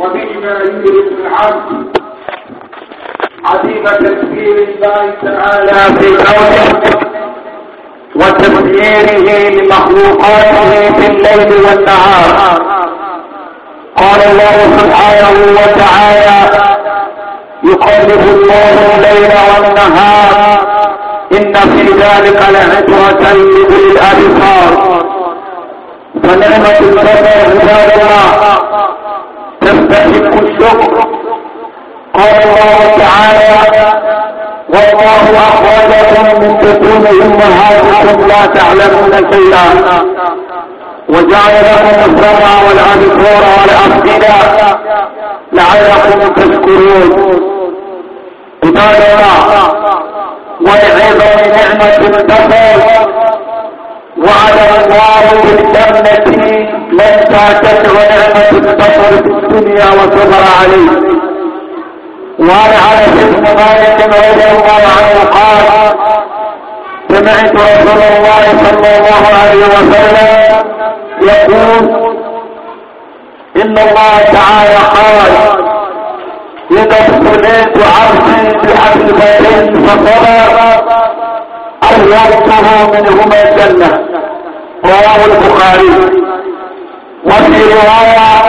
وبهما يدرك العبد عظيم تذكير الله تعالى في الأرض وتذكيره لمخلوقاته في الليل والنهار قال الله سبحانه وتعالى يقلب الله الليل والنهار إن في ذلك لعبرة لأولي الأبصار فنعمة البصر عباد الله ينبغي الشكر قال الله تعالى والله اخرجكم من تكون امهاتكم لا تعلمون شيئا وجعل لكم السمع والابصار والافئده لعلكم تشكرون عباد الله والعظم نعمه البصر وعلى الله بالجنه ممتعتك ونعمة تطر في الدنيا وصبر عليه وعن عرف بن مالك رضي الله عنه قال سمعت رسول الله صلى الله عليه وسلم يقول ان الله تعالى قال اذا ابتليت عبدي بحبل بيتين فصبر اغيرته منهما الجنه رواه البخاري وفي رواية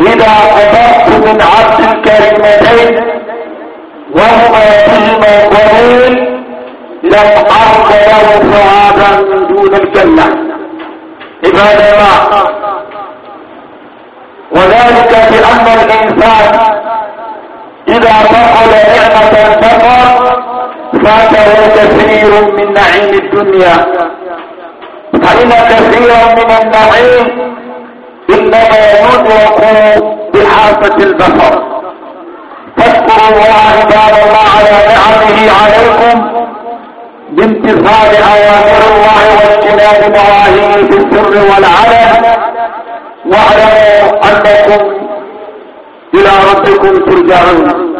إذا قبضت من عبد الكريمتين وهما فيما قليل لم أرض له ثوابا دون الجنة عباد الله وذلك بأن الإنسان إذا فقد نعمة فقط فاته كثير من نعيم الدنيا فإن كثيرا من النعيم إنما يدرك بحافة البصر فاذكروا الله عباد الله على نعمه عليكم بامتثال أوامر الله واجتناب نواهيه في السر والعلن واعلموا أنكم إلى ربكم ترجعون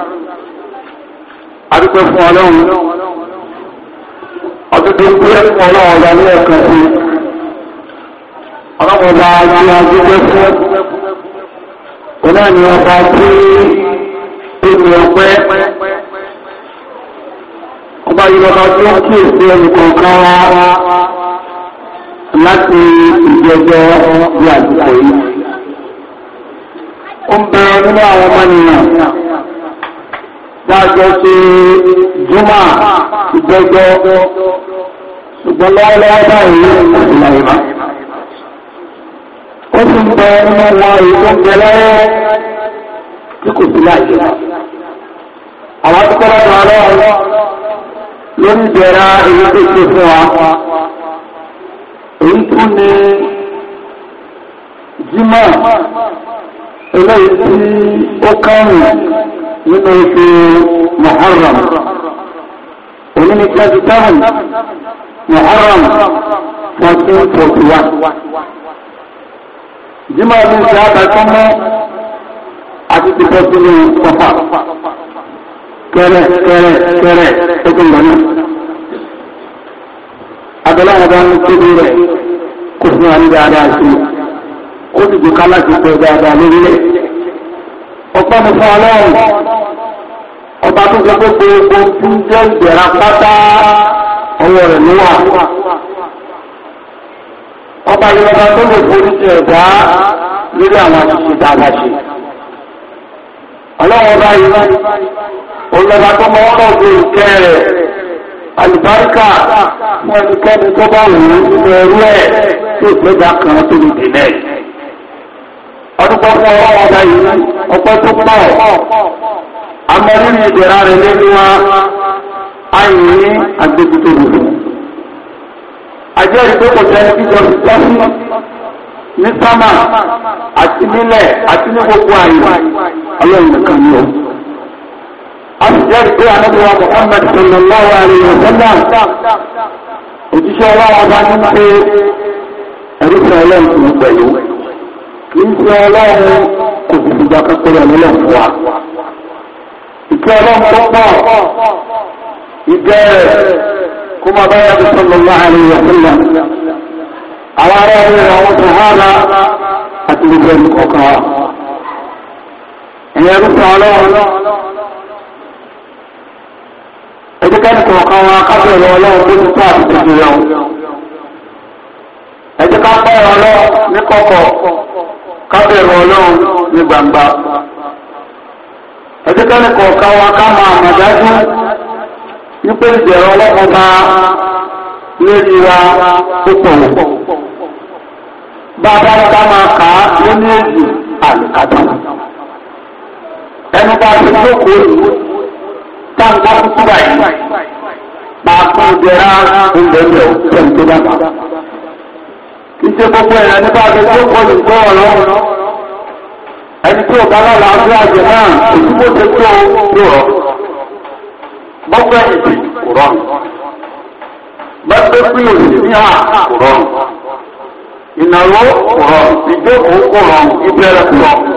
أدعو فعلوه ọdúndún gbé ọlọ́run ọba ní ẹ̀kan sí ọlọ́run ọba ní agbègbè fún onáàní ọba tí èmi ọpẹ́ ọba yìí ọba tí ó kí èsì ẹnìkọ̀ọ̀kan wá láti ìjẹjọ bí àdúgbò yìí ó ń bẹ nínú àwọn ọmọ nìyàn dájọ́ ṣe jùmọ̀ ìgbẹ́jọ́ ṣùgbọ́n lọ́wọ́lọ́wọ́ báyìí ìlà ìmá. ó sì ń bẹ ọmọ wọn èyí tó ń bẹ lọ́wọ́ tí kò sí láàyè. àwọn tó kọ́lá tó ọlọ́wọ́ ló ń jẹra èyí tó ṣe fún wa. èyí tún ni jimá eléyìí tí ó kárùn-ún. nínú oṣù muharram òní ní twenty seven muharram fourteen forty one jimá ní ìṣe àtàkùnmọ́ àti ti bọ́ sínú kọ́fà kẹrẹ kẹrẹ kẹrẹ tó kún lọ́nà abẹ́lẹ́ ọ̀dọ́ ń tóbi rẹ̀ kó fún wa ní ọpẹ́ mi fún ọlọ́run ọba tó ṣe gbogbo epo tí ń jẹ́ ìgbẹ̀ra pátá ọwọ́ rẹ̀ ló wà. ọba yorùbá tó lè forí ti ẹ̀dá lórí àwọn àṣìṣe dáadáa ṣe. ọlọ́run ọba yìí olùdàgbà tó mọ ọ́nà òde ìkẹ́ rẹ̀ àlùbáríkà fún ẹnikẹ́ni tó bá wù ú nínú ẹrú ẹ̀ tó ìpẹ́jà kan tó lè dì náà ọdúnkọ fún ọlọ́wọ́ ọba yìí ọpẹ́ tó pọ̀ amẹ́rin ìdẹ̀ra rẹ̀ nínú wa ayìnrí agbẹ́bító lòdù ajẹ́rìí tó kò sẹ́ni jíjọ tọ́sí ní sámà àti nílẹ̀ àti ní gbogbo àyè ọlọ́run nìkan ni ó a sì jẹ́rìí pé anábíwá Muhammad sallallahu alayhi wa sallam òjíṣẹ́ ọlọ́run ọba ní pé ẹ̀rí sọ ọlọ́run tó ń pẹ̀lú. kì ṣe ọlọ́run kò sì fìgbà kan fún wa. ìkẹ́ ọlọ́run tó pọ̀ ìgbẹ́ rẹ̀ kó máa bá yàtọ̀ sọ́nà láàrin ìyàsílẹ̀. àwọn ará rẹ̀ àwọn sàhánà àti gbogbo ẹni kọ̀ọ̀kan wa. ẹ̀yẹ́ rúfin ọlọ́run ẹjẹ́ kẹ́ni kábẹ̀rù ọlọ́run ní gbangba ẹjẹ́ kẹ́lẹ́kọ̀ọ́ ká wa ká máa mọ̀ dájú wípé ìbẹ̀rù ọlọ́run bá lérí wa púpọ̀ wò bàbá bá máa kà á lóní èyí àlùkàtà ẹnu bá ti jókòó yìí táǹkà kúkú báyìí pàápàá ìjẹra ìgbẹ́jọ tẹ̀síwájú ìṣe gbogbo ẹ̀rọ nípa abẹ tí ó kọ lè gbọ́ ọ̀rọ̀ ẹni tí ọ̀gá lọ́la ọdún àjẹ náà òtún bó ṣe tó ló rọ gbọ́gbẹ́ ìdí kò rọrùn gbọ́gbẹ́ pín òsì ní hà kò rọrùn ìnáwó kò rọrùn ìjókòó kò rọrùn ìbẹ̀rẹ̀ kò rọrùn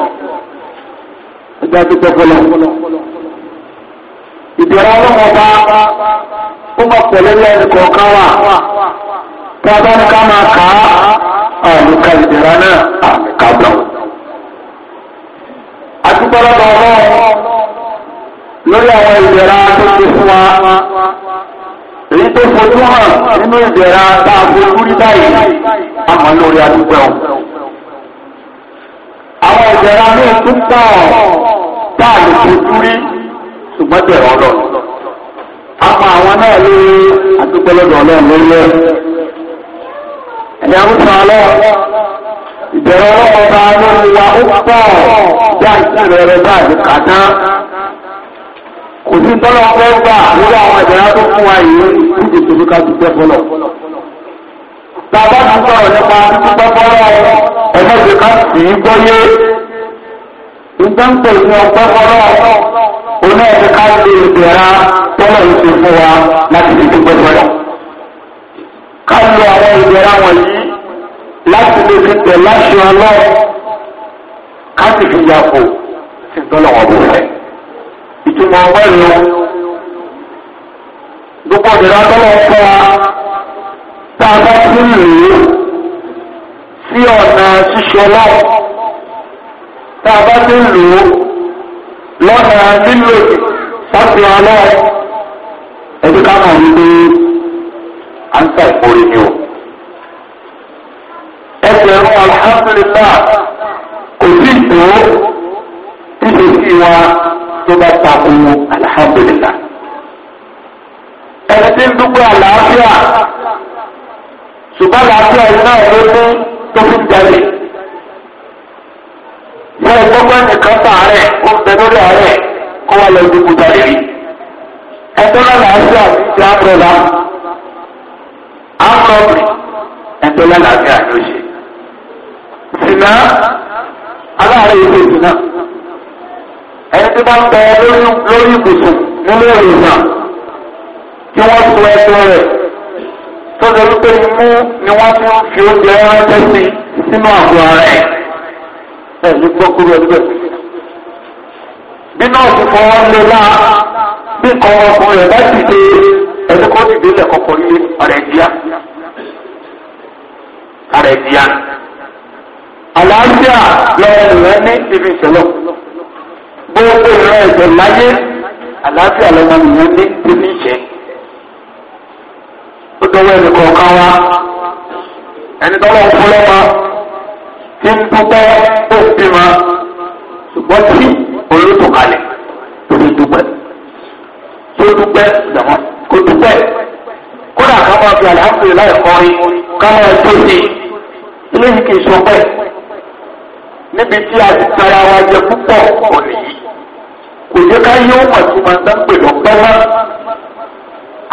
ẹgbẹ́ àdúgbò fọlọ́ ìbẹ̀rẹ̀ ọlọ́mọba ó máa pẹ̀lẹ́ lẹ́nu kọ̀ọ̀kan wà tábà ní ká máa kà á àmì ka ìdẹ̀ra náà àmì ká gbà ó. àtúbọ̀lọ́bọ̀ ọ̀rọ̀ lórí àwọn ìdẹ̀ra tó ti fún wa èyí tó fojú hàn nínú ìdẹ̀ra tá a fojú rí báyìí àmọ́ lórí àdúgbò ọ̀. àwọn ìdẹ̀ra ní ìtún pọ̀ tá a lè fojú rí ṣùgbọ́n dẹ̀rọ ọlọ́run. àmọ́ àwọn náà lé àdúgbò lọ́dọ̀ ọlọ́run lórí ẹ̀ ẹ̀yà ń sọ ọlọ́ ìbẹ̀rẹ̀ ọlọ́ọ̀ba ló ń wa ó pọ̀ bí àìsàn rẹ̀ bá àti kàtá kò sí tọ́lọ́ ọgbẹ́ gbà lórí àwọn ìbẹ̀rẹ̀ tó fún wa yìí níbi ìṣòro ká dúpẹ́ fọlọ́. Bàbá mi sọ̀rọ̀ nípa dúpẹ́ fọlọ́ ẹ̀fọ́ ti ká sì í gbọ́yé. Ìgbọ́npẹ̀ ni ọgbẹ́ fọlọ́ oná ẹ̀fẹ́ ká lè bẹ̀rẹ̀ tọ́lọ̀ yìí ti fún wa láti fi dúpẹ́ Ká lo àwọn ìbẹ̀rẹ̀ wọ̀nyí láti lè fi tẹ̀ láṣẹ ọlọ́run ká sì fi yàgò sí tọ́lọ̀wọ́ bó fẹ́. ìtumọ̀ ọgbẹ́ni o gbogbo ìdílé atọ́lọ̀ ń fọ́ wa tá a bá tún lè sí ọ̀nà ṣíṣe ọlọ́run tá a bá tún lò ó lọ́nà nílò sáfì ọlọ́run ẹ̀dí ká mọ̀ wípé à ń ni o ẹgbẹ̀rún alhamdulillah kò sí ìtò títí sí wa tó bá takò alhamdulillah. ẹni tí ń dúpẹ́ àlàáfíà ṣùgbọ́n àlàáfíà yìí náà ló ní tó fi ń jalè. ṣé ìgbọ́gbọ́n nìkan sàárẹ̀ ó ń bẹ lórí àárẹ̀ kó wá lọ dúkú jalè rí. ẹjọ́ náà ti ń jẹ́ àbúrò lá. àmọ́ ẹjọ́ náà làásìá ló ṣe. sìnà aláàárẹ̀ ìlú ìsìnà ẹni tí wọ́n tẹ lórí ibùsùn nínú ìrìnà tí wọ́n tu ẹ̀tọ́ rẹ̀ tó wípé imú ni wọ́n fi ń fi oúnjẹ ránṣẹ́ sí sínú àgọ́ ara ẹ̀ ẹ̀ ló gbọ́ bí náà ti fọwọ́ lé láà bí nǹkan ọmọkùnrin rẹ̀ bá ti dé ẹni kó àlàáfíà lọ́wọ́ rẹ̀ ní ibi ìṣẹ̀lọ̀ gbogbo ìran ẹ̀jẹ̀ láyé àlàáfíà lọ́wọ́ nìyẹn ní ibi ìṣẹ̀ ó dọwọ́ ẹnì kọ̀ọ̀kan wa ẹni tọ́lọ́ fún lọ́wọ́ tí ń dúpọ́ ó ń bímọ ṣùgbọ́n tí olóòtú kalẹ̀ tó fi dúpẹ́ tó dúpẹ́ dàmọ́ kó dúpẹ́ kódà ká máa fi àlàáfíà láì kọrin ká máa tó sí ilé yìí kì í sọ pẹ́ níbi tí a ti tara wa jẹ púpọ̀ kò nìyí kò jẹ́ ká yóò mọ̀ tó máa dá pè lọ gbọ́wọ́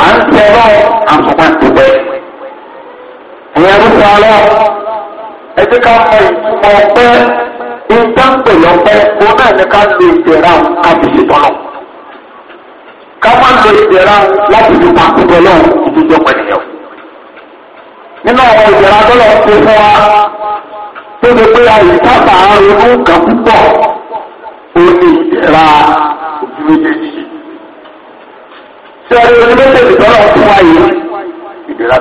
à ń tẹ̀rọ àtúmọ̀ àtúbẹ̀ ẹ̀yẹ rúkọ ọlọ́ ẹ jẹ́ ká mọ ìtumọ̀ ọpẹ́ ìta ń pè lọ́pẹ́ kó náà ní ká lo ìdẹ̀ra àti ìṣètọ́nà ká má lo ìdẹ̀ra láti fi pàkúndọ̀ lọ ìdíjọ́ pẹ̀lú yẹn nínú àwọn ìdẹ̀ra tó lọ sí fún wa. tó lè pé ronú nǹkan púpọ̀ ó ní ìdẹ̀ra ojú méjèèjì. ṣé ẹni ojú méjèèjì yìí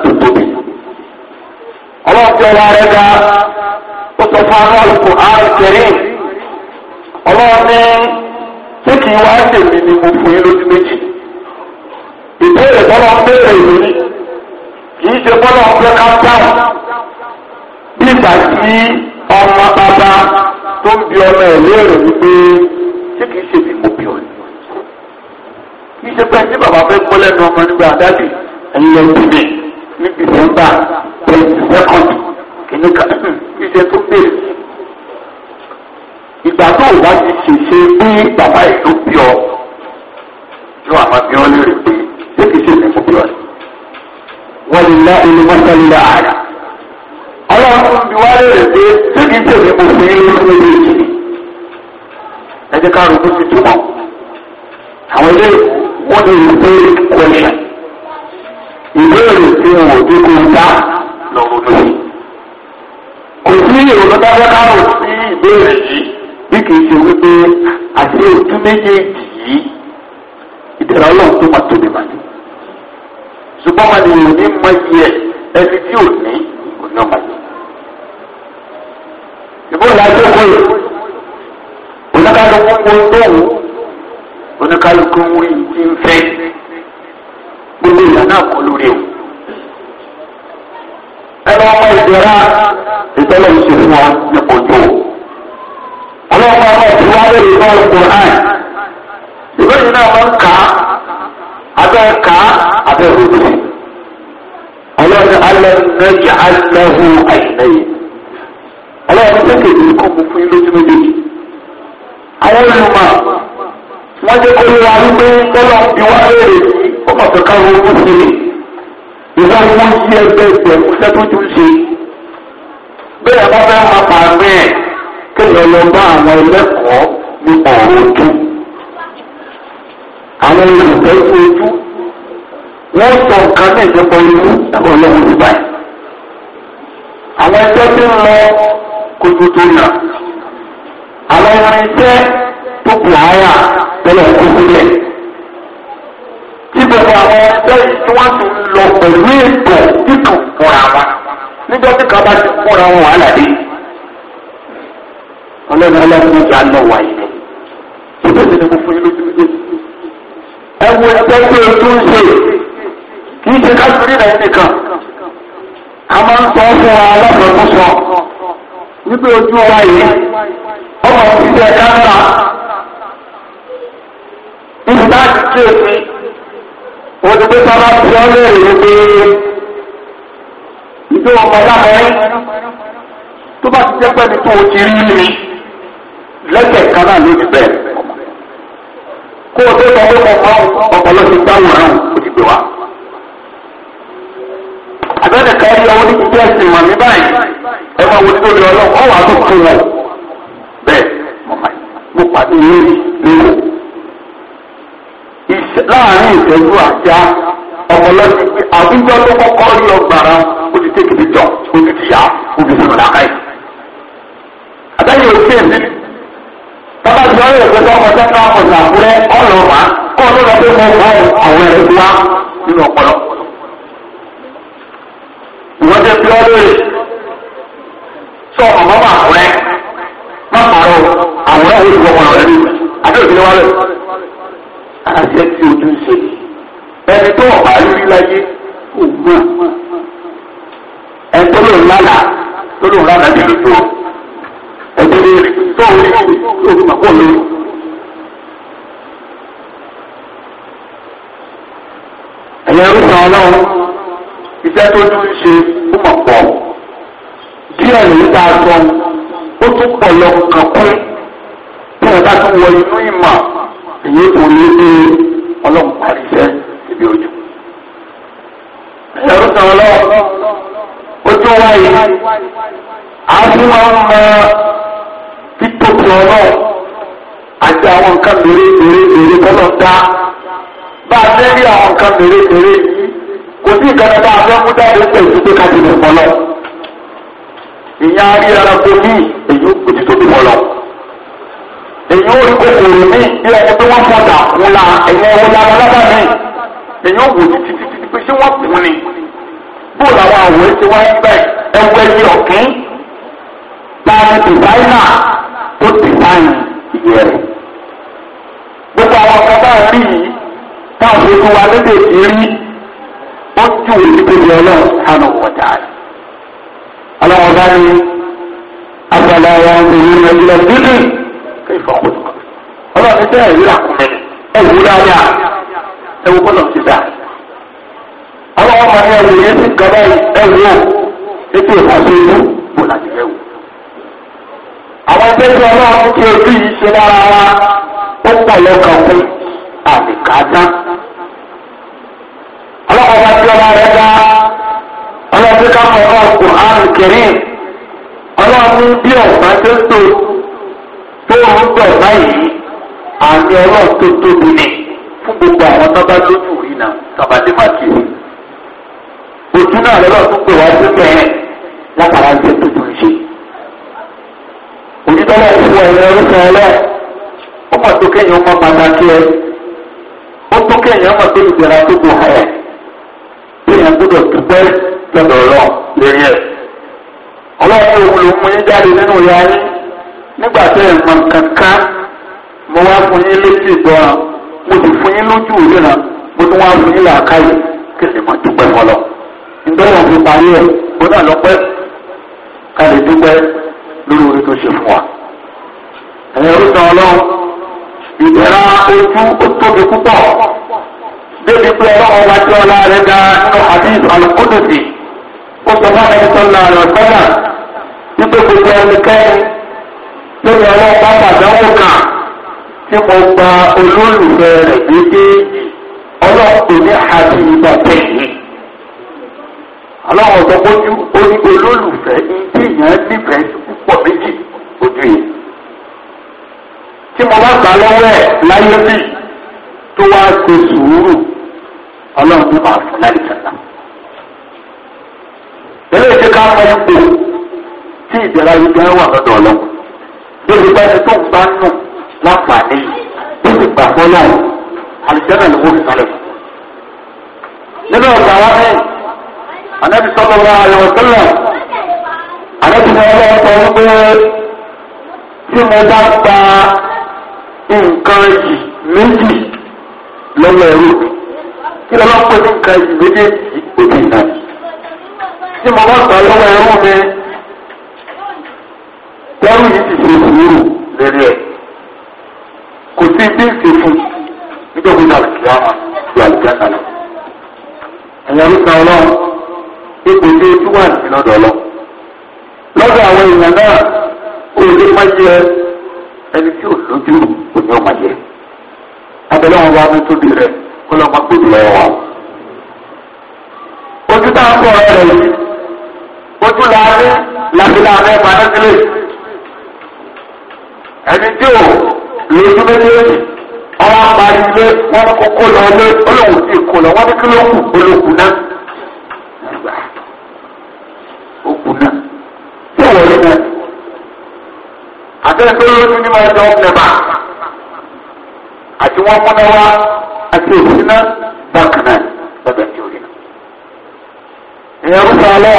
tó tóbi. ọlọ́ọ̀tẹ̀ wa rẹ̀ ga ó sọ fún àwọn àlùkò àrùn kẹrin ọlọ́ọ̀ni tí kì í wá tèmi ni mo fún yín lójú méjì. ìbéèrè tọ́lọ̀ ń béèrè ṣe ọmọ bàbá tó ń bi ọmọ ẹ̀ léèrè wípé ṣé kìí ṣe bí mo bí ọ kìí ṣe pé tí bàbá fẹ́ kọ́ lẹ́nu ọmọ nígbà dábì ẹ̀yìn ẹ̀yìn mi ní dìsẹ́mbà twenty second kìíní kan kìí ṣe tó pè ìgbà tó o bá ti ṣèṣe bí bàbá ẹ̀ ló bí ọ yóò àmọ́ bí ọ léèrè pé ṣé kìí ṣe bí mo bí ọ wọ́n lè lá ilé mọ́tàlélẹ́ ààrẹ ọlọ́run wá lèrè pé ṣé kìí tèmi kò fún yín lórí méjèèjì ẹ jẹ́ ká rògbò sí túmọ̀ àwọn ilé wọ́n lè rí pé question ìbéèrè tí wọn ò dé kó dá lọ́rùn lórí kò sí ìrònú dábẹ́ kárò sí ìbéèrè yìí bí kìí ṣe wípé àti ojú méjèèjì yìí ìdẹ̀rẹ̀ ọlọ́run tó máa tóbi màdì ṣùgbọ́n màdì yìí ò ní mọ iye ẹni tí ò ní ò ní ọmọ ìbúra ìjókòó yìí oníkálukú wo tóun oníkálukú wo yìí ti ń fẹ́ gbogbo ìyá náà kọ lórí o. ẹ bá wọn ìdẹ́ra ìtọ́lọ̀ ń ṣe fún wa nípa ojú o. ọlọ́pàá ọmọ ìdíwá lórí ìfọ́ ìkùnrin ìwé yìí náà wọ́n kà á abẹ́ kà á abẹ́ rògbòdì. ọlọ́run alẹ́ nẹ́jà alẹ́ hu àìlẹ́yìn ọlọ́run tó kéde kọ́ mo fún yín lójú méjèèjì. àwọn olùmọ̀ wọ́n jẹ́ kó lóra wípé bọ́lá bí wá léèrè yìí ó mọ̀ pé ká owó sí i. ìwọ owó yí ẹgbẹ́ ẹgbẹ̀rún iṣẹ́ tó tún ṣe. bẹ́ẹ̀ wọ́n fẹ́ máa pa àmì ẹ̀ kéèyàn lọ bá àwọn ẹlẹ́kọ̀ọ́ nípa ọ̀rọ̀ ojú. àwọn olùfẹ́ ojú wọ́n sọ nǹkan náà nípa ojú ọlọ́run ti báyìí. àwọn ẹgbẹ́ tí ń lọ kójú tó nà. àwọn irinṣẹ́ tó kù áyà tẹ́lẹ̀ kó sílẹ̀. tí gbogbo àwọn ẹgbẹ́ yìí tí wọ́n tún lọ pẹ̀lú ètò kíkàn fúnra wọn. nígbà tí kan bá ti fúnra wọn wàhálà dé. ọlọ́run ọlọ́run ìjà lọ wà yìí. ṣùgbọ́n ìṣẹ̀lẹ̀ kò fún yín lójú méjèèjì. ẹ wo ẹgbẹ́ tí o tún ṣe kì í ṣe ká sórí rẹ̀ nìkan. a máa ń sọ fún wa alábọ̀ọ́mú wípé ojú wa yìí ọmọ ìdílé káńtà ìgbà kéèké olùgbé sábà fi ọ́ léèrè wípé ìdó ọmọ lábẹ́rẹ́ tó bá ti jẹ́ pẹ́ni tó o ti rí mi lẹ́sẹ̀ kan náà ló ti bẹ̀rẹ̀ kó o tó sọ pé ọ̀pọ̀ ọ̀pọ̀ ló ti gbáwòrán o ti gbé wa àbẹ̀rẹ̀ ká yọ wọn ní kíkí ẹ̀sìn mọ̀ mí báyìí ẹ máa wo ní lórí ọlọ́run ọ̀ wà á tó fún wọn bẹ́ẹ̀ mo pàdé lórí lérò láàrin ìtẹ́jú àjá ọmọlọ́sí àbíjọ́ tó kọ́kọ́ rí ọgbàrá ó ti tẹ́kì ní jọ ojú ti yá ojú fún ọ̀dà káyì. àtàyè òsè mi bàbá ìjọ rẹ̀ pẹ̀lú ọmọdé ká ọ̀sà àkúrẹ́ ọ̀rọ̀ wá kọ́ ló lọ pé mo mọ àwọn ẹ̀rọ ìwọ́n jẹ́ bí wọ́n lóye sọ ọ̀mọ́ máa rẹ má pààrọ̀ àwòrán òun ìwọ́n máa rẹ àti òbí ni wọ́n lọ. àṣẹ tí ojú ń ṣe ẹni tó ọ̀bà rírí láyé ògbó ẹni tó lòun lánàá tó lòun lánàá bí lójú ẹni tó rí tó rí tó rí màkó lórí. ẹ̀yẹ ń sọ ọlọ́run iṣẹ́ tó tún ń ṣe ó mọ̀ pọ̀ díẹ̀ lèyí tá a sọ ó tún pọ̀ lọ kàn pé tí wọ́n bá tún wọ inú ìmọ̀ èyí kò lè dé ọlọ́run parí iṣẹ́ ibi ojú. ẹ̀rọ sàn lọ́wọ́ ojú wáyé a fún wa ń mọ títóbi ọlọ́run àti àwọn nǹkan mèrè mèrè mèrè tọ́lọ́ dá bá a fẹ́ rí àwọn nǹkan mèrè mèrè kò sí ìkànnì bá a fẹ́ mú jáde pé èyí pé ká ti lè pọ̀ lọ. ìyá rí ara tó bí èyí ó ti tóbi pọ̀ lọ. èyí ó rí kòkòrò mí bí ẹni pé wọ́n fọ̀dà ńlá ẹ̀yẹ ńlá ọlọ́dà mi. èyí ó wò ní títí títí pé ṣé wọ́n kù ni. bó làwọn àwòrán ti wáyé bẹ́ẹ̀ ẹgbẹ́ ní ọ̀kín. táwọn dìbáínà tó dìbáìn ìyẹ́ rẹ̀. gbogbo àwọn ọ̀gá báyìí táwọn fi ó ju ha ní ọlọ́run sánà wọ̀dà rẹ̀. ọlọ́run bá ní abala wa ń bèrè ní ẹgbẹ́ bíbí kí ìfọ̀kùn kan. ọlọ́run ọlọ́kọ̀ọ́ba tí ọba rẹ̀ dá ọlọ́ọ̀tí kápọ̀ náà Qur'an bí tó tó tó ń bọ̀ báyìí àmì ọlọ́ọ̀ tó tóbi ni fún gbogbo àwọn rí náà kiri ojú náà lọ́lọ́ tó pè wá sí bẹ́ẹ̀ látara ń tẹ́ tuntun ṣe ẹ̀rọ orúkọ ọmọ tó ọmọ pàtàkì ẹ ó tó ọmọ tó èèyàn gbọ́dọ̀ dúpẹ́ lọ́dọ̀ ọlọ́run lórí ẹ̀. ọlọ́run òun ló mú yín jáde nínú ìyá yín nígbà tẹ́ ẹ̀ mọ nǹkan ká mo wá fún yín létí ìgbọràn mo sì fún yín lójú ìríran mo tún wá fún yín làákàyè kí lè mọ dúpẹ́ fọlọ́. ìdọ́wọ̀ fi parí ẹ̀ ó náà lọ́pẹ́ ká lè dúpẹ́ lórí orí tó ṣe fún wa. ẹ̀yẹ́ ó sọ ọlọ́run ìdẹ̀ra ojú ó tóbi púpọ̀ débi pé ọlọ́run wa jẹ́ ọlá rẹ̀ ga nínú hadith alukudusi ó sọ fún ẹni sọ́nà àlọ́sọ́nà wípé gbogbo ẹnikẹ́ni lórí ọlọ́run bá pàdánwò kan tí mo gba olólùfẹ́ rẹ̀ déédéé ọlọ́run kò ní àti ìgbà tẹ̀yìn. aláwọ̀ sọ pé ó olólùfẹ́ ní tí nífẹ̀ẹ́ púpọ̀ méjì ojú yìí. tí mo bá gbà lọ́wọ́ ẹ̀ láyé bí tó wá ṣe sùúrù ọlọ́run tó máa fún láì sàlá. Ilé ìṣe ká mọ ipò tí ìjọba yìí gan wà lọ́dọ̀ ọlọ́run. Bébí bẹ́ẹ̀ tó ń bá nù láǹfààní bébí gbàgbọ́ lọ́wọ́ àlùjọ́nà ló wọ́n sálẹ̀ fún. Nínú ọ̀gá wa bẹ́ẹ̀, ànábi sọ́kọ̀ wa àyẹ̀wò sílẹ̀. Ànábi ni ọlọ́run sọ wípé tí mo bá gba nǹkan yìí méjì lọ́wọ́ ẹrú mi kí lọ́lọ́ pé ní nǹkan ìlú méjèèjì òbí náà tí mo bá gbà lọ́wọ́ ẹrú mi lẹ́rú yìí ti ṣe sùúrù lórí ẹ̀ kò sí bí ń ṣe fún nítorí náà kí á máa di àlùjáde lọ. ẹ̀yàn ló san ọlọ́run ipò tí ojú wà ní lọ́dọ̀ lọ. lọ́dọ̀ àwọn èèyàn náà olùdó máa jẹ ẹni tí ò lójú òní ọmọ yẹ. abẹ́lẹ́ wọn bá mú tóbi rẹ̀ ọlọ́mọ tó lọ wà. ojú tá a sọ̀rọ̀ rẹ̀ yìí ojú láàánú làbílà rẹ̀ panákìlẹ̀ ẹni tí ò lójú méjèèjì ọwọ́ apá ilé wọn kókó lọ lé olóhùn sí ìkó lọ wọn ní kí ló kù olókù náà. okù náà tí ò wọlé náà àtẹnudọ́ lójú ní ma ẹjọ́ ọ̀pẹ̀ bá àti wọn múná wá àti òsínà bákan náà lọ́dọ̀ tí ó rí náà. èèyàn rúfa lọ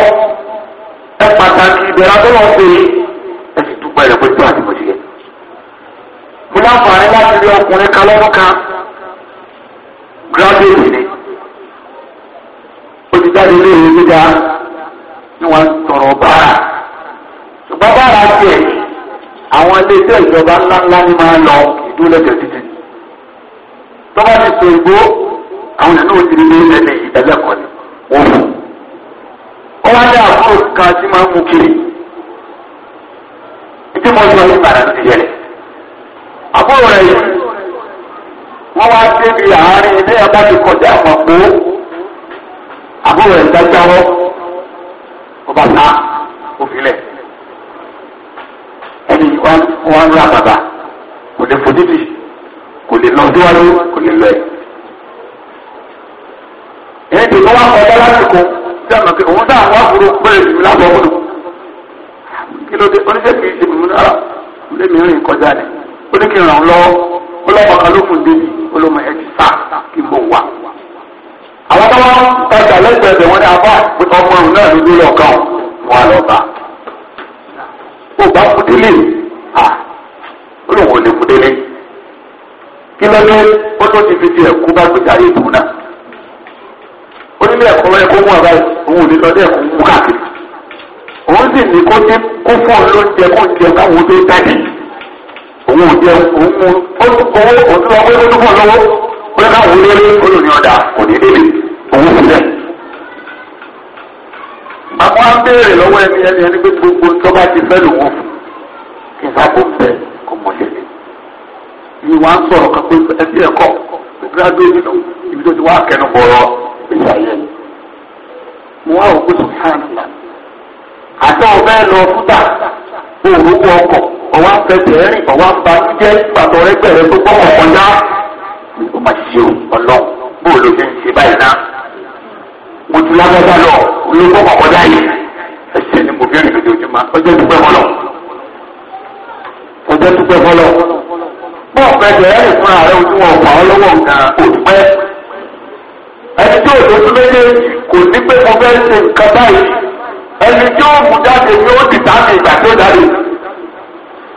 ẹ pàtàkì ìbẹ̀rẹ̀ tó wọ́n pè é ẹ sì dúpẹ́ rẹ̀ pẹ̀lú àti mọ̀jú yẹn. mo láǹfààní láti rí ọkùnrin kan lọ́dún kan gírádìrì ni ó ti jáde ilé ìwé gíga ni wọ́n tọrọ bára ṣùgbọ́n bára tiẹ̀ àwọn ilé iṣẹ́ ìjọba ńláńlá ni máa ń lọ ìdúró lẹ́jọ́ títì. tọ́ba ti so ìgbó àwọn ènìyàn náà ti rí lórí ẹ̀mí ìdálẹ́kọ̀ọ́ ni wọ́n fún àbúrò kan tí máa ń mú kiri tí mo yọ ní ìbàdàn ti yẹlẹ̀ àbúrò rẹ̀ yìí wọ́n wá débi àárín ilé ẹ̀bá ti kọjá àwọn àbúrò rẹ̀ dájáwọ́ ọba òfìlẹ̀ ẹni wọ́n ń ra bàbá kò lè lọ síwájú kò lọ ẹ̀. èyí tí wọ́n wá kọjá lásìkò tí a mọ̀ pé òun dáhùn wá fúru ìlú lábọ̀ ọ̀hún. kí ló dé oníṣẹ́ kì í ṣe mímú náírà ah, mi rìn kọjá ni ó ní kí n ràn án kan ló fún débi ti sá kí kí ló dé ó tó ti fi ti ẹ̀kú bá gbé káyé ìbò náà onílé ẹ̀kọ́ lọ́yẹ kó mú ọ̀rá yìí òun ò ní lọ dé ẹ̀kú mú káàkiri òun sì ní kó dé kó fún òun lóúnjẹ kó jẹ káwọn tó dájú òun ò jẹ òun mú ó tún kọ́ òun tún lọ pé ó tún fún ọ lọ́wọ́ pé káwọn olórí olórí ọ̀dà kò ní débi òun sì lẹ̀. àwọn abéèrè lọ́wọ́ ẹni ẹni ẹni pé gbogbo tó bá ti fẹ́ lòun kí n sábò ń bẹ kó mọ̀ ṣe ní ni wàá sọ̀rọ̀ kan pé ẹbí ẹ̀kọ́ graduate nínú ibi tó ti wá kẹnu bọ̀rọ̀ ìgbésí ayé mi. mo wá òkú subhanallah àti ọ̀bẹ lọ fúta òwúkọ ọkọ̀ ọwọ́ afẹ́tẹ̀ ẹ̀rìn ọwọ́ abalújẹ́ pàtó rẹ́gbẹ̀rẹ́ tó gbọ́ ọ̀kọ̀já. o mà ṣe o ọlọ́run bó o lọ ṣe ń ṣe báyìí náà. mo ti lágbájá lọ olóko ọ̀kọ̀já yìí ẹsẹ̀ ni mo fi rìn lójoojúmọ́ ọjọ́ ìdúpẹ́ fọlọ́ ọjọ́ ìdúpẹ́ fọlọ́. bọ́ọ̀ fẹ́ jẹ́ ẹ̀rì fúnra rẹ̀ ojú wọn pa ọ́ lọ́wọ́ nǹkan òdùpẹ́. ẹni tí tún kò sí pé mo ṣe nǹkan báyìí ẹni tí ó mú jáde ni ó ti ìgbà tí ó jáde. fẹ́ jáde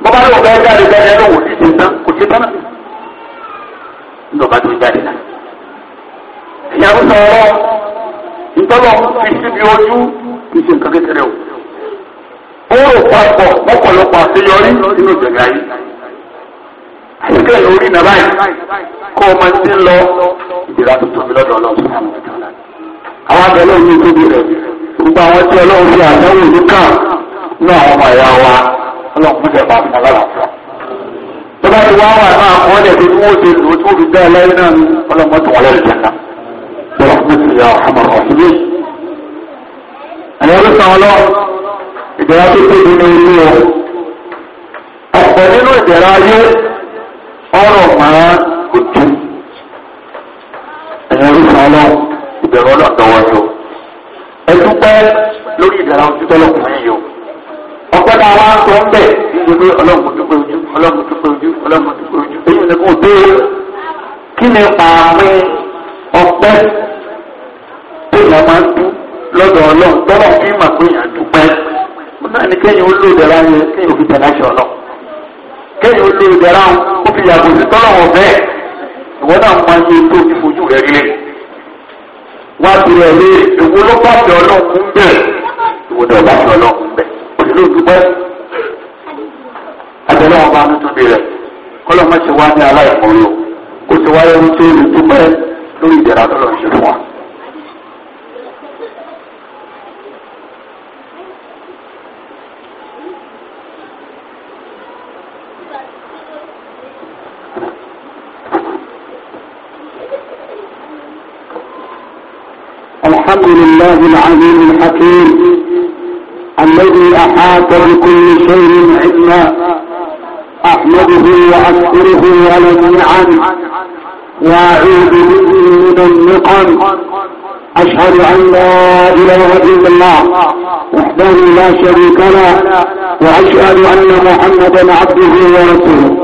ṣe tán kò ṣe tán náà. nígbà tó jáde náà. ìtọ́lọ̀ fi síbi ojú kì í ṣe nǹkan kékeré o. ó rò papọ̀ mọ́pọ̀lọpọ̀ àṣeyọrí nínú ìjọba yìí. síkẹ̀ lórí nàbá yìí kọ́ ọmọ ti ń lọ ìdíra tó tóbi lọ́dọ̀ ọlọ́run. àwọn abẹ́lẹ́ omi tóbi rẹ̀ gbogbo àwọn tí ọlọ́run fi àtẹ́wò ní kàn ní àwọn ọmọ ẹ̀yà wa ọlọ́run fún ìjẹba àfihàn lálàáfíà. tó bá ti wá wà náà àwọn ọ̀dẹ̀ tó tún ó ṣe lò tó fi dá ẹ láyé náà ní ọlọ́run tó wọ́n lẹ́yìn ọrọ̀ máa ojú ẹ̀yìn orísun ọlọ́run ìbẹ̀rù ọlọ́dọ̀ wa yọ. ẹ dúpẹ́ lórí ìdára ojú tọ́lọ́kùnrin yọ. ọ̀pẹ́ náà wá ń sọ ń bẹ̀ níbi pé ọlọ́run dúpẹ́ ojú ọlọ́run dúpẹ́ ojú ọlọ́run dúpẹ́ ojú èyí ni kò dé kí ni pàmì ọ̀pẹ́ tó yẹ máa ń dú lọ́dọ̀ ọlọ́run tọ́lọ́ kí mà pé yàn dúpẹ́. mo náà ní kéèyàn ó lò dára yẹn kéèyàn ò fi tẹ̀lé kéyìn ó lé ìdára ń kó fi yàgò sí tọ́lọ̀ wọn bẹ́ẹ̀ ìwọ náà máa yẹ tó ti fojú rẹ rí lẹ́yìn. wá tirẹ̀ lé ìwọ ló bá fi ọlọ́run ń bẹ̀ ìwọ náà bá fi ọlọ́run ń bẹ̀ òṣèlú òdúgbẹ́. àjọyọ̀ wọn bá ń tóbi rẹ̀ kọ́lọ́ má ṣe wá ní aláìmọ̀ọ́rọ̀ kó ṣe wáyé ohun tó lè dúpẹ́ lórí ìdára tọ́lọ̀ ń ṣe fún wa. الحمد لله العظيم الحكيم الذي أحاط بكل شيء علما أحمده وأشكره على النعم وأعوذ به من النقم أشهد أن لا إله إلا الله وحده لا شريك له وأشهد أن محمدا عبده ورسوله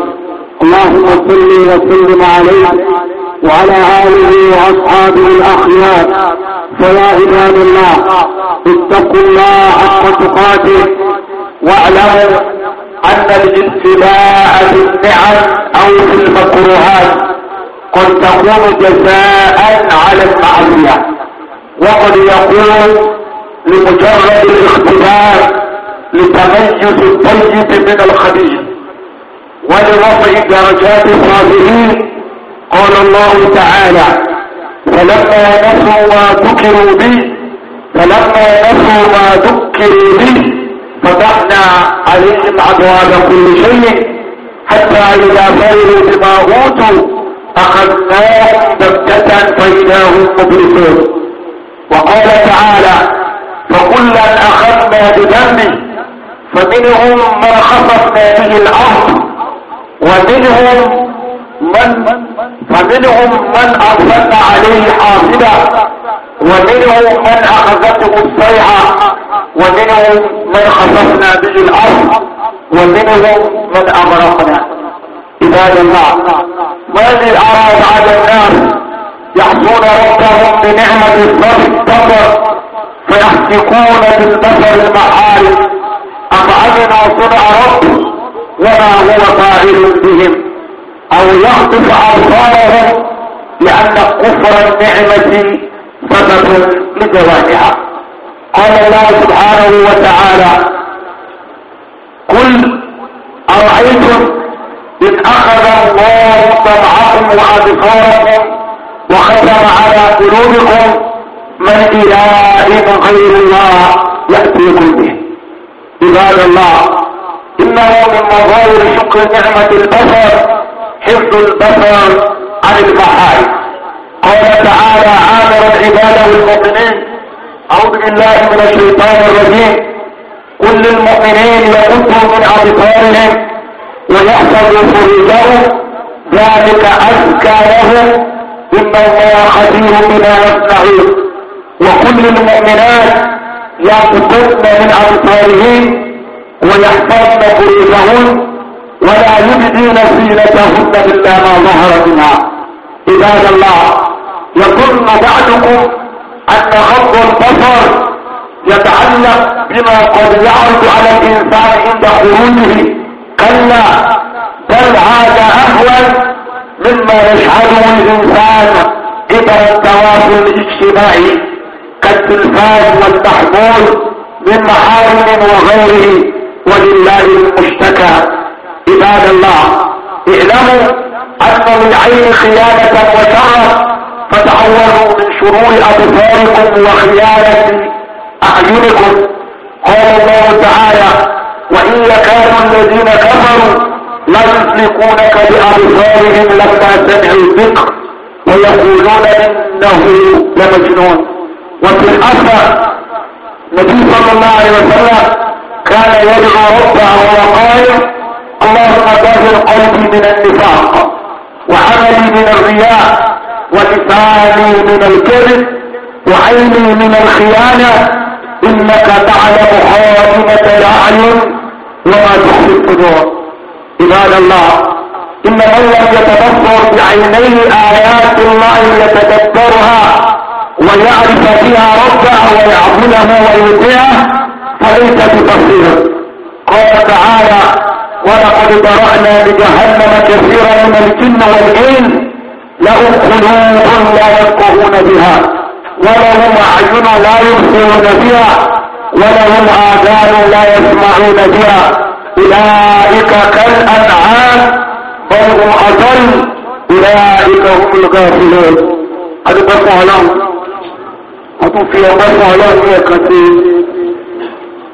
اللهم صل وسلم عليه وعلى آله وأصحابه الأخيار فيا عباد الله اتقوا الله حق تقاته واعلموا ان الابتلاء في او في المكروهات قد تكون جزاء على المعصيه وقد يكون لمجرد الاختبار لتميز الطيب من الخبيث ولرفع درجات الصالحين قال الله تعالى فلما نسوا ما ذكروا به فلما نسوا ما ذكروا به فتحنا عليهم عدوان كل شيء حتى اذا فعلوا بما اوتوا اخذناهم بغته فاذا هم مبلسون وقال تعالى فكلا اخذنا بذنبه فمنهم من خطفنا به الارض ومنهم من فمنهم من أرسلنا عليه حاصبا ومنهم من أخذته الصيحة ومنهم من خسفنا به الأرض ومنهم من أمرقنا عباد الله ماذا الأعراض على الناس يحصون ربهم بنعمة الصبر فيحتكون بالبشر المحارم أم صنع رب وما هو قائل بهم او يخطف ابصارهم لان كفر النعمة سبب لجوانها قال الله سبحانه وتعالى قل ارايتم ان اخذ الله طبعكم وابصاركم وختم على قلوبكم من اله غير الله ياتيكم به عباد الله انه من مظاهر شكر نعمه البشر حفظ البصر عن المحارم قال تعالى عامر عباده المؤمنين اعوذ بالله من الشيطان الرجيم كل المؤمنين يغضوا من ابصارهم ويحفظوا فروجهم ذلك ازكى لهم ان الله خبير بما يصنعون وكل المؤمنات يغضبن من ابصارهن ويحفظن فروجهن ولا يبدين زينتهن إلا ما ظهر منها عباد الله يظن بعدكم أن غض البصر يتعلق بما قد يعرض على الإنسان عند خروجه كلا بل هذا أهون مما يشعره الإنسان عبر التواصل الاجتماعي كالتلفاز والمحمول من محارم وغيره ولله المشتكى عباد الله اعلموا أن العين خيانة وشعر فتعوضوا من شرور أبصاركم وخيانة أعينكم قال الله تعالى وإن يكاد الذين كفروا لا يسلكونك بأبصارهم لما سمعوا الذكر ويقولون إنه لمجنون وفي الأثر النبي صلى الله عليه وسلم كان يدعو ربه وقائل اللهم طهر قلبي من النفاق وعملي من الرياء ولساني من الكذب وعيني من الخيانة انك تعلم خاتمة الاعين وما تخفي الصدور عباد الله ان من لم يتبصر بعينيه ايات الله يتدبرها ويعرف فيها ربه ويعظمه ويطيعه فليس بتصير قال تعالى ولقد ذرأنا لجهنم كثيرا من الجن والإنس لهم قلوب لا يفقهون بها ولهم أعين لا يبصرون بها ولهم آذان لا يسمعون بها أولئك كالأنعام بل هم أضل أولئك هم الغافلون قد بصوا لهم أتوفي بصوا لهم يا كثير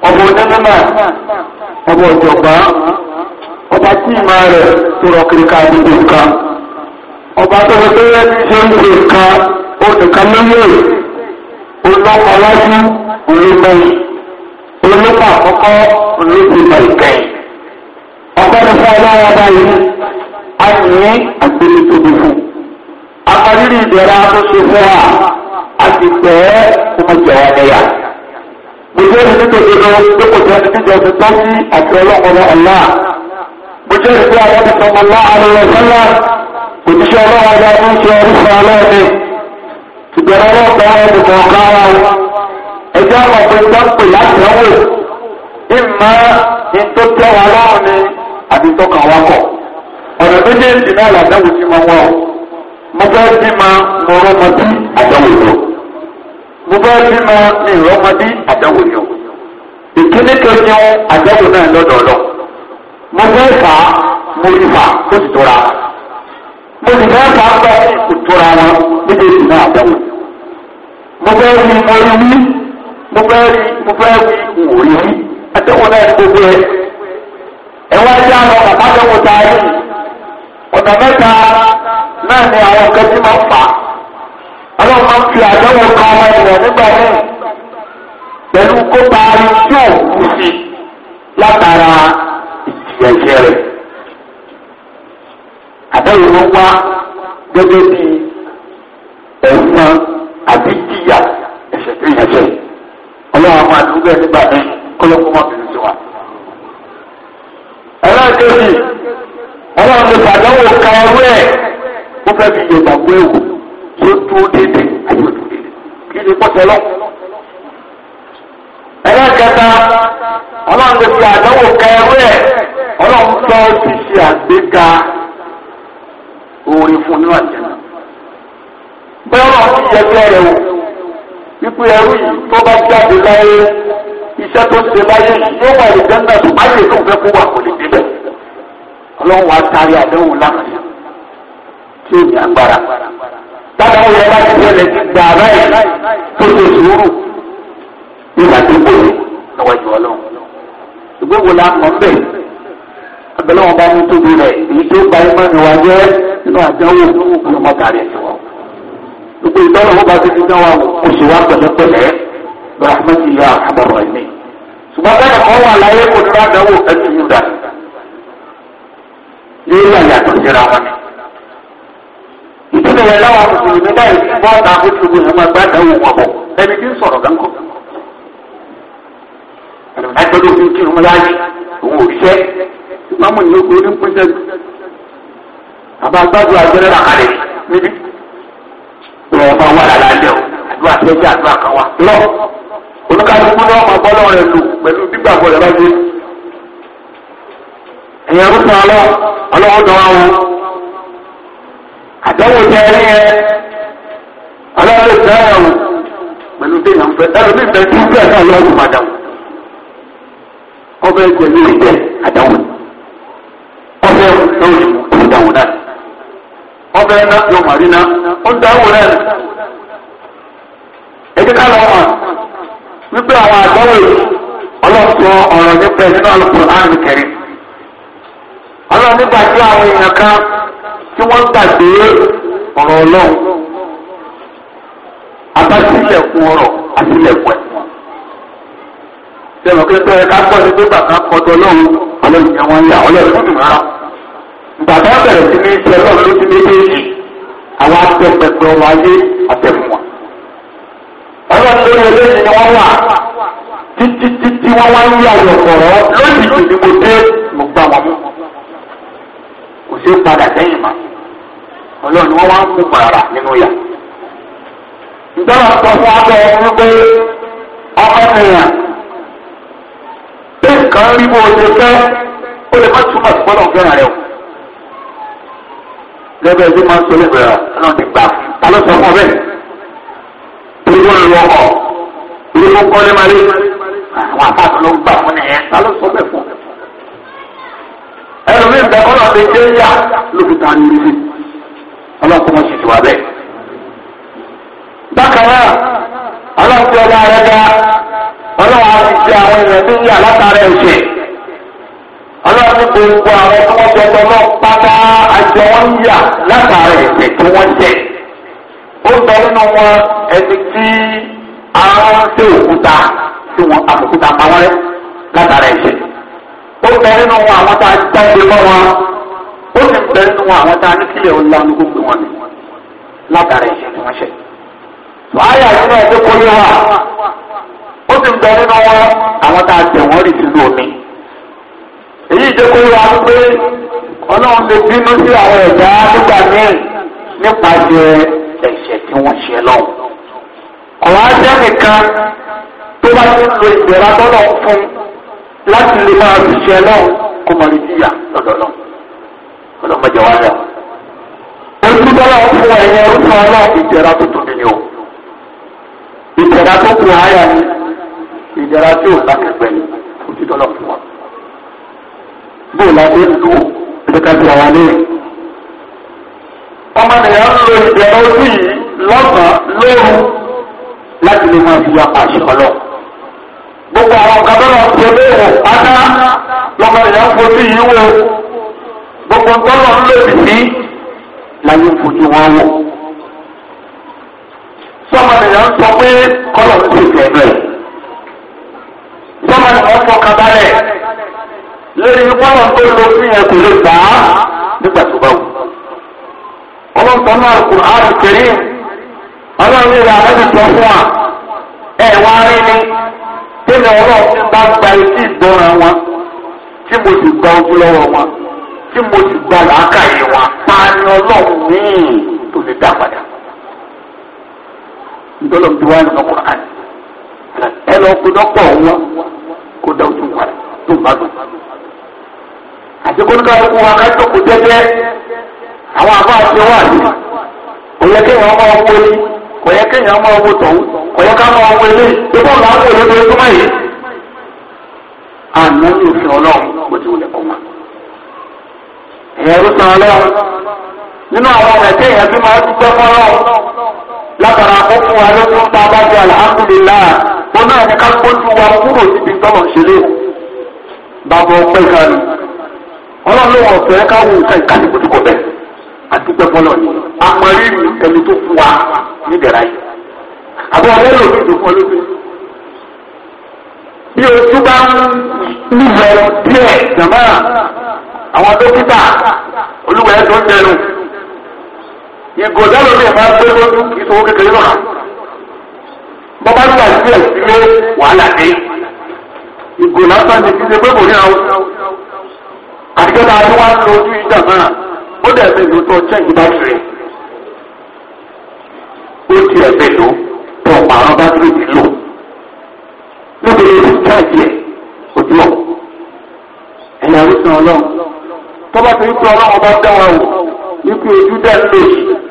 أبو نجمة أبو جبار ọba tí ìmọ̀ rẹ̀ tó rọ kiri ká gbogbo nǹkan ọba tó fẹ́ fẹ́ ṣe ń ṣe nǹkan olùkọ́ lóyè olùkọ́ wájú olùkọ́yì olùkọ́ àkọ́kọ́ olùkọ́ ìkẹyì ọba tó fẹ́ ọlọ́wọ́ báyìí a ní àgbélé tóbi fún akọ́nínú ìdẹ̀ra tó ṣe fún wa a ti tẹ̀ kó mọ̀ jẹ́ wọn gbogbo ìdíje tó ṣe lọ kò tẹ́ ẹni níjọ fi sí àti ọlọ́kọ̀ọ́ ọ̀la mo jẹ́ ìgbé àwọn ìsọ̀mọ̀ láàrin ọ̀sánlá òjíṣẹ́ ọlọ́wọ́ ọjà tó ń ṣe orísun ọlọ́ọ̀dẹ ìbẹ̀rẹ̀ ọlọ́ọ̀dẹ ọdún kọ̀ọ̀kan ara wọn ẹjọ́ ọ̀pẹ dọ́pẹ̀ láti ọwọ́ ìmọ̀ ní tó tẹ́ wa lọ́rùn ni àti tó kàn wá kọ̀ ọ̀nà méjèèjì náà làdáwò sí máa wọ̀ mo fẹ́ bí ma mo rọ́mọdé àdáwò yọ mo fẹ́ bí ma mi rọ́mọdé àdáwò yọ ìkíní kejì àdáwò náà lọ́dọọlọ́ọ̀ mo fẹ́ fà á mo ti fà ó ti tóra mo sì fẹ́ fà á pẹ́ kò tóra wọn méjèèjì náà dẹ́wò mo fẹ́ rí mo rí wí mo fẹ́ rí mo fẹ́ rí wò rí wí àtẹ̀wò náà ní gbogbo ẹ̀ ẹ̀ wá sí àwọn bàbá àtẹ̀wò tá a ọ̀nà mẹ́ta náà ni àwọn nǹkan máa ń fà á ọlọ́run máa ń fi àdánwò kan ọmọ ènìyàn nígbà míì pẹ̀lú kópa arí tí ò kú sí látara ẹ̀ṣẹ̀ rẹ̀ àbẹ̀wò ló wá gẹ́gẹ́ bí ẹ̀fọn àbí jìyà ẹ̀ṣẹ̀ tó yàn ṣe ọlọ́wọ́ máa dúró bẹ́ẹ̀ nígbà mi kọ́lọ́kọ́ máa bẹ̀rẹ̀ sí wa. ẹlẹ́ẹ̀kejì ọlọ́run ló ṣàdánwò ka ọrú ẹ̀ ó fẹ́ fi yẹ̀dàgbọ́ ẹ̀wò tó dúró déédéé àyè òdúró déédéé kí ni pọ́sẹ̀ lọ́wọ́. ẹlẹ́kẹta ọlọ́run ti àdánwò kẹrẹ́ ọlọ́run tọ́ àgbéga oore fún nínú àjẹnà bẹ́ẹ̀ ọlọ́run ti yẹ o wípé ẹrú yìí tó bá jáde láyé iṣẹ́ tó ṣe láyé yóò wà lè lè fẹ́ kó wà kó lè débẹ̀ àdánwò lánàá tí ní agbára láti ti gbà báyìí tó sùúrù. ní ìgbà tó kò ní níwájú ọlọ́run ṣùgbọ́n wò láàmú bẹ́ẹ̀ abẹ́lẹ́wọ̀n bá mú tóbi rẹ̀ èyí tó gba ẹgbẹ́ mi wá jẹ́ nínú àdánwò ọlọ́mọdàrí ẹ̀sìn wọn. gbogbo ìtọ́nà wọn bá ti fi dán wa wò kó ṣe wá pẹ̀lẹ́pẹ̀lẹ́ rahmatu ya àbọ̀rọ̀ ẹ̀mí. ṣùgbọ́n bẹ́ẹ̀ kọ́ wà láyé kò ní àdánwò ẹ̀sìn yìí dà. yóò yà yàtọ̀ síra wọn. ìdílé yẹn láwọn mùsùlùmí náà ìfọ́ta ó ti gbogbo ẹ̀mọ́ bọ̀ ẹni tí ń sọ̀rọ̀ gánkọ́ agbẹ́dọ̀ fi kí wọn láàyè òun ò ṣẹ́ ìpamọ́ ni ó gbé ní pínpín sẹ́yìn àbá gbádùn agbẹ́rẹ́ rà kalẹ̀ níbí ìwọ̀n ọba wà lálẹ́ o àdúrà tẹ́jẹ́ àdúrà kan wà lọ olùkàdùnkún náà máa bọ́ lọ́rẹ̀ lò pẹ̀lú gbígbàgbọ́ rẹ̀ bá dé ẹ̀yẹ rúfin ọlọ́ ọlọ́wọ́ dán àwọn àdánwò jẹ́ ẹni yẹn ọlọ́wọ́ lè dán ẹ̀wò pẹ̀lú bí èèyàn fẹ́ ẹ̀rọ ní ìfẹ́ tí ó fẹ́ náà lọ́wọ́ padà wò. ọbẹ̀ ẹ̀jẹ̀ ní ndị àdáwọn ọbẹ̀ ẹ̀wọ̀n náà àdáwọn náà ọbẹ̀ ẹ̀ná yóò màrí náà ó dáwọn náà ẹ̀jẹ̀ ká lọ́wọ́ wọn wípé àwọn ọ̀rọ̀ nípa nígbà tí àwọn èèyàn kan tí wọ́n gbàgbé ọ̀rọ̀ ọlọ́run ọ̀rọ̀ ẹ̀. ṣe pé tó pọ̀ kọjọ pé lọ́wọ́ ọlọ́run yẹn wọ́n yà rárá. bàbá bẹ̀rẹ̀ sí ní ṣe ọlọ́run ló ti méjèèjì àwọn atẹ́pẹpẹ ọmọ ayé àtẹ̀fún wa. ni wọ́n wà títí títí wọ́n wá ń yà ni mo dé mo gbà mú. kò pé nǹkan rí bó o ṣe fẹ́ ó lè má túmọ̀ sí bọ́lá òfin rẹ̀ o. gẹ́gẹ́ bí máa ń sọ lẹ́gbẹ̀rẹ̀ náà ti gbà ta ló sọ fún ọ bẹ́ẹ̀. irú ń lọ ọ irú ń kọ́lé máa lé àwọn àpáàtì ló ń gbà fún ẹ̀yẹn ta ló sọ bẹ́ẹ̀ fún ọ. ẹlòmíì bẹ́ẹ̀ kọ́ náà ti dé yá lókùtà ní ibi ọlọ́kùnrin sì ti wà bẹ́ẹ̀. bákan náà ọlọ́kùnrin ọba rẹ̀ ọlọ́wọ́ á ti ṣe àwọn èèyàn tó ń yà látara ẹ̀ṣẹ̀ ọlọ́wọ́ ní gbogbo àwọn tó wọ́n jọjọ náà pátá àjọ wọn ń yà látara ẹ̀ṣẹ̀ tí wọ́n jẹ ó sọ nínú wọn ẹni tí àwọn ń tẹ òkúta tí wọn àbùkúta pa wọn rẹ látara ẹ̀ṣẹ̀ ó sọ nínú wọn àwọn tá a ti jáde mọ́ wọn ó sì bẹ nínú wọn àwọn tá a ní kílẹ̀ ó lanu gbogbo wọn látara ẹ̀ṣẹ̀ tí wọ́n ṣẹ̀. wàá nínú ẹ̀ sì ń bẹ nínú wọn àwọn tá a sínú omi. èyí jẹ́ kó wá pé ọlọ́run lè bínú sí àwọn ẹ̀dá nígbà míì jẹ ẹ̀ṣẹ̀ tí wọ́n ṣe lọ́wọ́. ọ̀rọ̀ ajẹ́ nìkan tó bá ti lo ìgbéra tọ́lọ̀ fún láti lè máa fi ṣe lọ́wọ́ kó mọ̀ ní ọlọ́mọdé ni tó kù ìjọra tí ò bá kẹgbẹ́ ni kò ti dọ́lọ̀ fún wa. bóyá láti ń dùn ẹ̀jẹ̀ ká ti wà wá léèrè. ọmọ nìyà ń lo ìjọra ojú yìí lọ́sàn-án lóru láti lè máa fi ya pàṣẹ ọlọ́ gbogbo àwọn kan tọ́lọ̀ ń ṣe léèrè pátá lọ́mọ nìyà ń fojú yìí wo gbogbo tọ́lọ̀ ń lòdì sí láyé fojú wọn wò. sọ́mọ sọ pé kọ́lọ̀ ń ṣe tẹ̀lé. ọfọkàbalẹ̀ lórí gbọ́dọ̀ tó lọ sí yẹn kò lè gbà á nígbà tó bá wù. náà kò àrùn kiri ọlọ́run yẹn làwọn ti sọ fún wa wá rí tí lọ gbọdọ̀ pọ̀ wọn. kó dá ojú padà tó bá dùn. àti wa àwọn wà ní. kò yẹ máa ni kò yẹ kéèyàn máa wo tọ̀hún kò yẹ ká máa ma. ẹ̀rú san ọlọ́run nínú àwọn ọ̀rẹ́ kéèyàn fi máa látara a bá jẹ òun náà ní ká kójú wa kúrò níbi tọ́lọ̀ ń ṣe lé bàbá ọpẹ́ kan ni ọlọ́run ló wọ̀ ọ̀fẹ́ ká wù nǹkan ìkàlẹ̀ ìbòjú kọ̀ bẹ́ẹ̀ àti pẹ́ fọlọ́ ni àpárí ni ẹni tó fún wa nídẹ̀ẹ́ra yìí àbọ̀ ọ̀rẹ́ lò ní ìdòkun olóògbé bí ojú bá ń lúwẹ̀ díẹ̀ jàmbá àwọn dókítà olúwẹ̀ẹ́ tó ń jẹnu ìgò dálómi ẹ̀ máa gbé lójú kì í sọ owó kékeré lọ́la bọ́bá gbà sí ẹ̀sílẹ̀ wàhálà dé ìgò lásán ni kíkẹ́ pé kò ní àwọn àtijọ́ta ni wọ́n á lo ojú ìjà náà ó dẹ̀ ẹ̀fẹ̀ ló tọ́ chẹ́ǹkì bátìrì ó ti ẹ̀fẹ̀ ló tọ́ pààrọ̀ bátìrì ti lò níbi ìlú chẹ́ǹkì ẹ̀ ojú ọ̀ ẹ̀yà orísun ọlọ́run tọ́ba ti ń tọ́ ọlọ́run bá dá wa wò wípé ojú dẹ́ ń lò yìí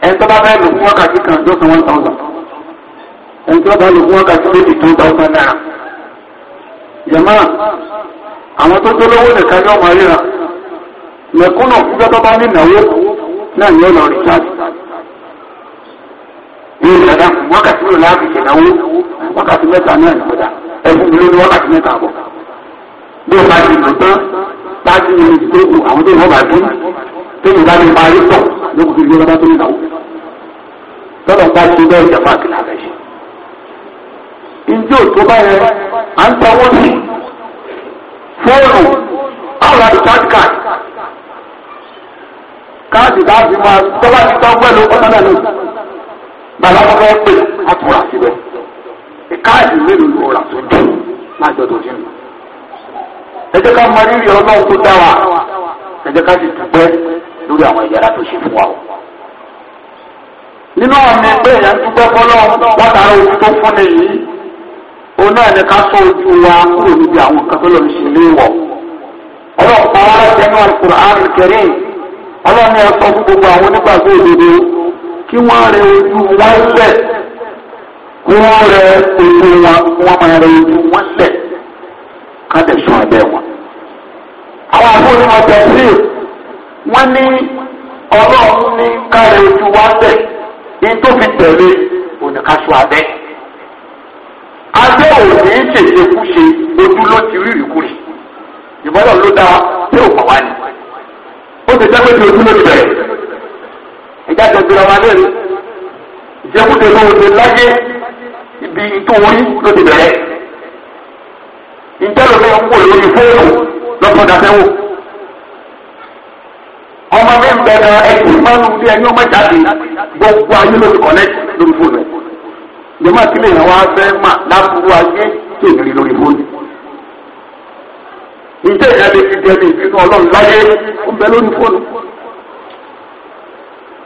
ẹni tó bá fẹ́ lò fún wákàtí kan yóò san one thousand ẹni tó bá lò fún wákàtí méjì two thousand naira jama àwọn tó tó lówó nìkan yóò máa ríra mẹ̀kúnnù nígbà tó bá ní ìnáwó náà ni ó lọ rí jáde ní ìlú ẹ̀dá wákàtí ló láàbì ìnáwó wákàtí mẹ́ta náà ní ọ̀dà ẹ̀fún mi ní wákàtí mẹ́ta àbọ̀ bí o bá ti lò tán bá ti lò ní ìdíkókò àwọn tó ń wọ́n bá dún tó ń bá mi parí tọ̀ lókùn tó yẹ bá tó ní náà tọ́lọ̀ bá ṣe bẹ́ẹ̀ jàmbá kìlá rẹ̀ ṣe. ǹjẹ́ òtó báyẹn à ń sanwó sí fóònù àwọn àdìkáàdì káàdì káàdì bá fi máa tọ́lá ti tọ́ pẹ̀lú ọ̀nà lò bàbá wọn fẹ́ pè àtúrà síbẹ̀ káàdì mélòó ló rà tó dùn lájọ tó ṣe nù. ẹ jẹ́ ká mọ rírì ọlọ́run tó dá wa ẹ jẹ́ ká sì dúpẹ́. lórí àwọn ìyára tó ṣe fún wa o. nínú àwọn ẹgbẹ́ yẹn dúpẹ́ fọlọ́ látara ojú tó fún mi yìí òun náà ní ká sọ ojú wa kúrò níbi àwọn nǹkan tó lọ́ọ́ ṣe léèwọ̀. ọlọ́pàá wa jẹ́nu alukur'an kẹrin ọlọ́ni ẹ fún gbogbo àwọn onígbàgbọ́ òdodo kí wọ́n rẹ ojú wọn lẹ̀ kí wọ́n rẹ ojú wọn wọ́n máa rẹ ojú wọn lẹ̀ ká abẹ́ wọn. àwọn wọ́n ní ọlọ́run ní kárẹ̀ ojú wa bẹ̀ ní tó fi tẹ̀lé oníkaṣọ abẹ́. abẹ́ ò ní í ṣèṣekúṣe ojú ló ti rí ìrìkúrì ìbọ́lọ̀ ló dá pé ò pàwá ni ó ti dẹ́gbẹ́ tí ojú ló ti bẹ̀rẹ̀ ẹ̀já tó gbéra wa lẹ́rìí ìjẹkúdẹ ló ti láyé ibi ìtòwórí ló ti bẹ̀rẹ̀ ìjẹ́ lómi ń wò lórí fóònù lọ́sọ̀dá fẹ́ wò ọmọ mi ń bẹ náà ẹtì ìpanu bí ẹni ọmọ jáde gbogbo ayé ló ti connect lórí fóònù rẹ jọmọ kí lèèyàn wá fẹ́ mà láburú ayé tí èmi lórí fóònù ǹjẹ́ ìyá lè fi jẹ́ mi ìfínú ọlọ́run láyé ó bẹ lórí fóònù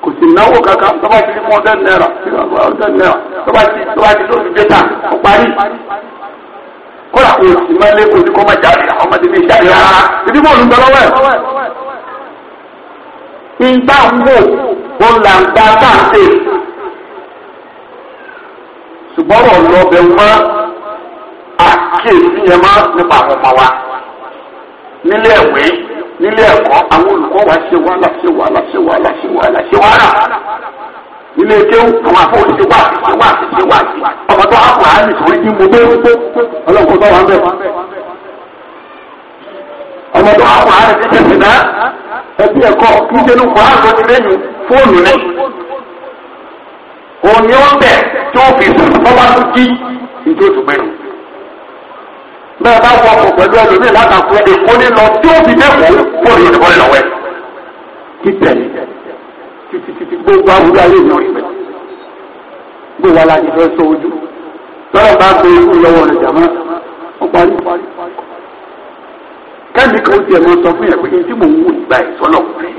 kò sì náwó kankan tọ́ba ti fún ọdẹ náírà ọdẹ náírà tọ́ba ti tọ́ba ti lóṣù dẹ́ta ó parí kóra kò sì máa lé kò sí kọ́ máa jáde àwọn ìgbà ń wò ó là ń gba báńkì ṣùgbọ́n wọn lọ bẹ mọ́ àkíyèsí yẹn mọ́ nípa àwọn ọmọ wa nílé ẹ̀wé nílé ẹ̀kọ́ àwọn olùkọ́ wa ṣe wàhálà ṣe wàhálà ṣe wàhálà ṣe wàhálà ṣe wàhálà ilé kéwù àwọn afọwọ́ ṣe wá ṣe wá ṣe wá ọmọ tó hàpọ̀ àánì sórí ní mo bẹ́ẹ̀ ọlọ́kùnrin tó wà ń bẹ̀ ọmọ tó hàpọ̀ àánì ṣe ṣe ṣe náà ẹbí ẹ̀kọ́ níṣẹ́ ló kọ́ àgọ́ ti lẹ́yìn fóònù rẹ̀ òun ni ó bẹ̀ tí ó fi sùn bọ́bá tó jí ìjó tó gbẹ̀rù bẹ́ẹ̀ bá wọ ọkọ̀ pẹ̀lú ẹlòmíì látàkùn èkó ní lọ tí ó fi dẹ́kun fóònù yìí nìkan lọ́wọ́ ẹ̀ títí gbogbo àwùjọ ayé ìyàn ìgbẹ́ gbogbo alájẹ fẹ́ sọ ojú lọ́wọ́ bá gbé ìlọ́wọ́ rẹ̀ jàmọ́ ó kẹ́mi kan tiẹ̀ mọ sọ fún yẹn pé tí mò ń wò nígbà yìí sọ́nà fún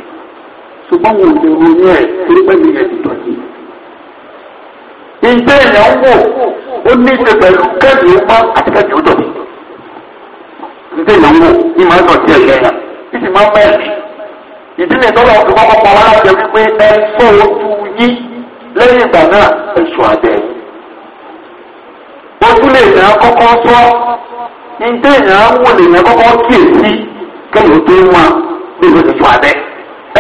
ṣùgbọ́n wò lè ronú ẹ̀ torí pé mi yẹn ti dọ̀tí. ìjẹ́ èèyàn wò ó ní ṣe pẹ̀lú kẹ́mi ó bá àti kẹ́mi ó dọ̀tí. ìjẹ́ èèyàn wò ní màá dọ̀tí ẹ̀ yẹn kí sì máa mẹ́rin. ìdílé tọ́lọ̀ ọ̀sùn kọ́kọ́ pa wá láti ẹbí ẹ sọ ojú yín lẹ́yìn ìgbà náà ẹ sọ àbẹ̀. ojú kọ́kọ́ sọ ntẹ yẹn wò lè yẹn esi kíyè sí kẹ́yìn tó ń wá ndị o lè sọ abẹ́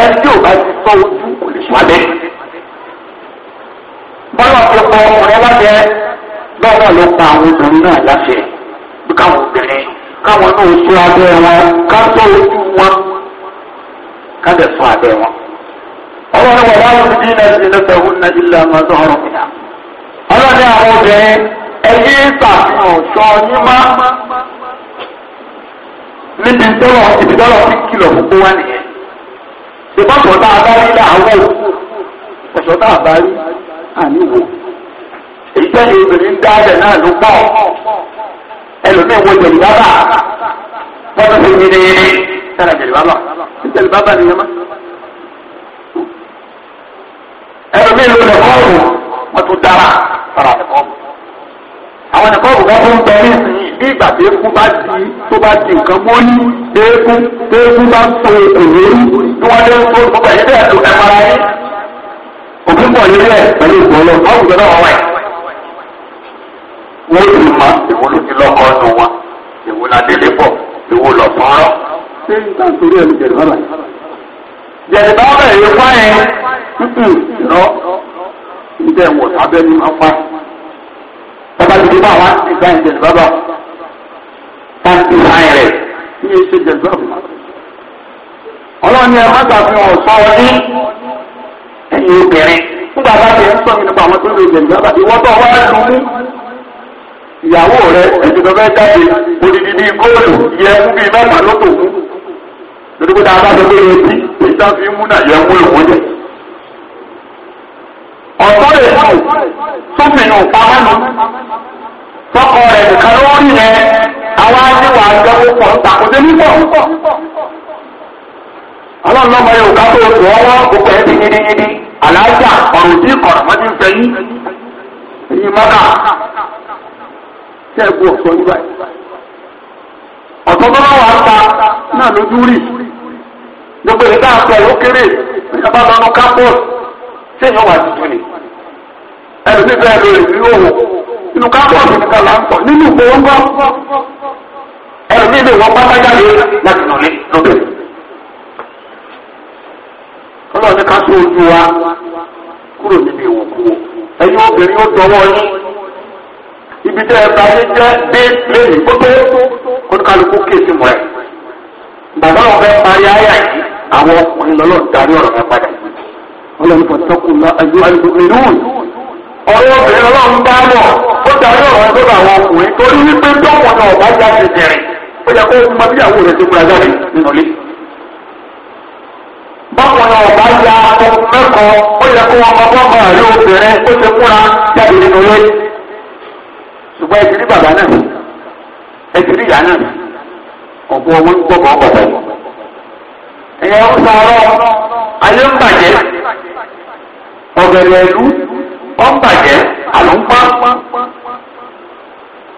ẹni tí o bá ti sọ ojú kò lè sọ abẹ́. bọ́lá ọ̀pọ̀lọpọ̀ ọkùnrin wá jẹ́ bẹ́ẹ̀ ọrụ sọ ọrụ. ọrụ níbi tọ́lọ̀ ìdílọ́lọ̀ ti kìlọ̀ gbogbo wa nìyẹn. ìbá sọ̀tà abárí dà wọ́ ọ̀sọ̀tà abárí àníwò. èyí tẹ́lẹ̀ obìnrin ń dáadẹ̀ náà ló pọ̀ ẹlòmíì wo jẹ̀lì bábà wọ́n tó fi mi ní sára jẹ̀lì bábà jẹ̀lì bábà nìyẹn má. ẹlòmíì ló lẹ̀ kọ́ọ̀rù wọ́n tún dára fara lẹ̀ kọ́ọ̀rù. àwọn ẹ̀kọ́ òkú bá fún bẹ́ẹ̀ ní bí ìgbà tó kú bá di tó bá di nǹkan mọ́ ní eégún tó eégún bá so òkùn lórí tí wọ́n lé tó gbogbo ẹ̀yẹ́ bẹ́ẹ̀ tó ẹ̀fọ́ ara yín òkú pọ̀ lórí ẹ̀ pẹ̀lú ìgbọ́n lọ wọ́n kù lọ́wọ́ wáyé. wọ́n ti mọ èwo ló ti lọ́kọ́ ọdún wọn èwo la délé pọ̀ èwo lọ fọ́nrọ́. ṣé nǹkan torí ẹ̀ ló jẹ̀dùbá bàyìí? jẹ̀dùbá bẹ̀rẹ̀ yóò fáyẹn rọ níbẹ̀ wọ̀ sábẹ́ ní ọ̀pá. bàbá bá wa ìgbà ìjẹ̀dùbá bá wọ́n ti láyìn rẹ̀ ọrụ ọrụ ọrụ ọrụ ọrụ ni ẹ má ọrụ ọrụ ọrụ. ẹ̀yin obìnrin nígbà bá ti ń sọ mi nípa àwọn tó lè jẹ̀dọ́ àbí wọ́n tọ́ wá lù mú. ìyàwó rẹ tó fẹ́ jáde odidi góòlù yẹ fún bíi mẹ́ta ló mú. bá fi àwa níwà àjẹwò pọ̀ ń tàkùtẹ́ nípọ̀. ọlọ́run náà ya o òkà tó tù ọ́ wọ́n kò ti gidigidi àlàájá ọ̀rùn tí kọ̀rọ̀ wọ́n ti ń fẹ́ yín. èyí mọ́tà ṣẹ́gun ọ̀sọ́ nígbà ọ̀sọ́ tó bá wà á ta náà lójú rì gbogbo ìdá kéré ìjọba ṣé tuntun ni ẹ̀rù ẹlòmíì lè wọ pátá jáde láti nà lé lóde. ọlọ́run ní ká tó ojú wa kúrò níbi ìwòkuwò ẹ̀yin obìnrin ó dọwọ́ yín ibi ẹ bá yé jẹ́ dé lẹ́yìn gbogbo kó kálukú kéèsì bàbá wọn parí ayé àyè àwọn ọkùnrin darí rẹ padà obìnrin bá ó darí rẹ àwọn ọkùnrin torí ó yẹ kó mọ bí ìyàwó rẹ̀ ti múra jáde nínú ilé. báwọn ọba ya ọmọ mẹ́kọ̀ọ́ ó yẹ kó ọmọ bọ́ọ̀mọ rẹ̀ obìnrin ó ti múra jáde nínú ilé. ṣùgbọ́n ẹ ti rí bàbá náà ẹ ti rí ìyá náà ọ̀pọ̀ ọmọ ń gbọ́ bọ́ọ̀ bàbá yìí. ẹ̀yẹ ń sọ ọ̀rọ̀ ayé ń bàjẹ́ ọ̀gẹ̀dẹ̀ ìlú ọ̀ ń bàjẹ́ àlọ́ ń pa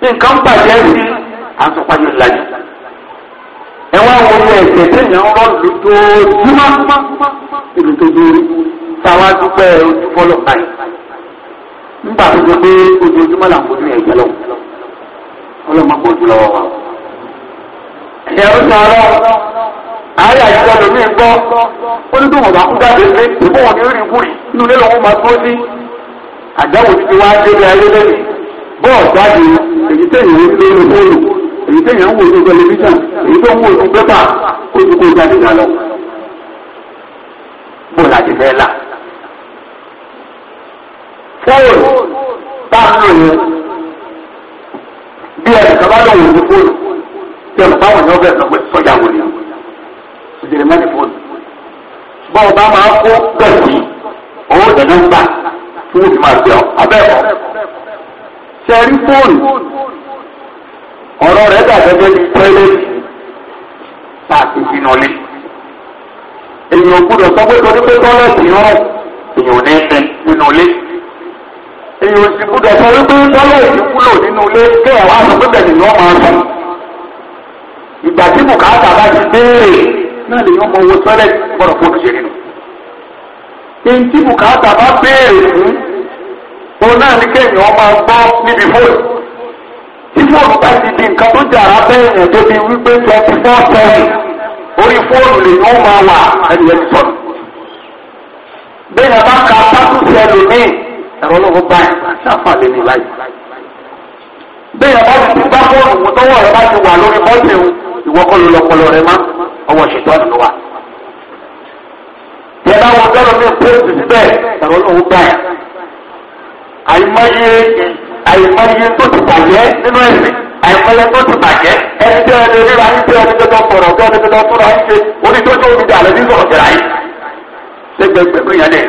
nǹkan bàjẹ́ sí i à ń sọpá yóò lajú. ẹ wá wo ń rọ́ọ̀lù lójoojúmọ́ ìlú tó dúró táwa dúpẹ́ ojúfọ́lọ́ báyìí. nígbà tó jẹ pé ojoojúmọ́ là ń bójú ẹ̀jẹ̀ lọ ọlọ́mọ kò jù lọ́wọ́ wa. ẹ̀yà ó sọ ọ́ àárẹ̀ àyíká lómi ń gbọ́ ó ní tó wọ́n bá kú jáde lé ìbò wọn ni ó rí wúrì inú ilé lọ́wọ́ máa tó sí àdáwò ti wá délé ayé lẹ́yìn bọ́ọ̀ jáde èyí tẹ̀ téèyàn wò ní tẹlifíṣàn èyí tó ń wò ní pépà ó ti kó jáde náà lọ. bó la fẹ́ là. fóònù tá a lò yẹn bí ẹnì kan bá lọ wò ní fóònù tí ẹnì báwọn ni wọ́n bẹ̀rẹ̀ lọ́gbẹ̀ sọ́jà wò ni ìdèrè má ní fóònù. bọ́ọ̀ bá máa kó bẹ́ẹ̀ sí owó ìdáná ń gbà tí wọ́n máa gbé abẹ́ẹ̀kọ́. sẹ́ẹ̀rí fóònù ọ̀rọ̀ rẹ̀ dàgẹ́gẹ́ bíi tọ́ílẹ̀tì tá a ti sínú ilé. èèyàn gbúdọ̀ sọ pé torí pé tọ́lẹ̀tì rán èèyàn ní fẹ́ nínú ilé. èèyàn sì gbúdọ̀ sọ wípé tọ́lẹ̀tì wúlò nínú ilé kí ẹ̀ wá sọ pé bẹ̀rẹ̀ ni wọ́n máa sọ. ìgbà tí bùkátà bá ti béèrè náà lè yàn mọ owó tọ́lẹ̀tì gbọ́dọ̀ fóònù ṣe nínú. èyí tí bùkátà bá béèrè fún òun náà ní tí fóònù bá ti di nǹkan tó jàrá bẹ́ẹ̀ yẹn débi wípé twenty four seven orí fóònù lè yóò máa wà ẹnìyẹn ti sọ̀rọ̀ bẹ́ẹ̀ yẹn bá ka pátúsì ẹlòmíì ẹ̀rọ lọ́wọ́ báyìí ṣàǹfààní ní láì bẹ́ẹ̀ yẹn bá ti ti bá fóònù mú tọ́wọ́ rẹ bá ti wà lórí mọ́tì ìwọ́kọ́ ló lọ́pọlọ rẹ má ọwọ́ ṣètò ọ̀nà wa yàrá wọn gbọ́dọ̀ ní pẹ́ẹ́sì síbẹ̀ ẹ̀rọ lọ́wọ́ báyìí àyùmáyé àìmọye tó ti bàjẹ́ nínú ẹ̀sìn àìmọye tó ti bàjẹ́ ẹni tí ẹni rí ra ń tẹ ẹni tẹ́tọ́ sọ̀rọ̀ ọ̀gá ẹni tẹ́tọ́ sọ̀rọ̀ ń ṣe onídójú omi dà lẹ́bí sọ̀rọ̀ jẹ̀rẹ̀ ayé lẹ́gbẹ̀gbẹ̀rún yẹn lẹ̀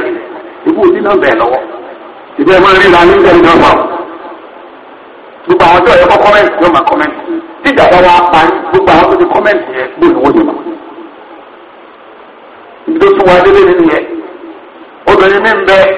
ibú òbí náà bẹ̀ lọ́wọ́ ìbí ẹ̀ máa rí ra ní ìjẹun náà fà gbogbo àwọn tó yẹ kọ́ kọ́mẹ́ntì yóò máa kọ́mẹ́ntì tí ìjàmbá wa pa gbogbo àwọn tó ti kọ́mẹ́ntì yẹn gbòòrò wọ́n yẹn mọ́ ibi tó tún wá délé nínú yẹn obìnrin mi ń bẹ́ẹ̀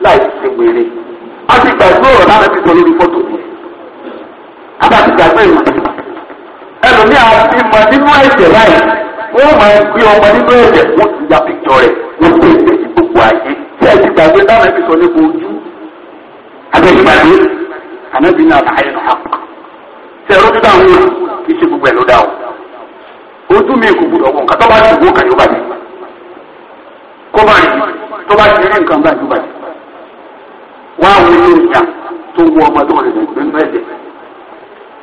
láì ṣe wèrè a ti gbàgbé ọ̀rọ̀ náà ti sọ lórí fọ́tò yìí a bá ti gbàgbé ìlú ẹlòmíà ti mọ nínú ẹ̀jẹ̀ láì wọ́n máa gbé ọmọ nínú ẹ̀jẹ̀ píktọ̀ rẹ̀ wọ́n gbogbo ayé sọ ojú náà náà ẹ̀rọ dáhùn kì í ṣe gbogbo ẹ̀ ló dáhùn ojú mi kò gbúdọ̀ ti tó bá ti rí nǹkan báyìí tó bá wá àwọn ilé ìyá tó wọ ọmọ tó rẹ̀ lẹ́gbẹ̀ẹ́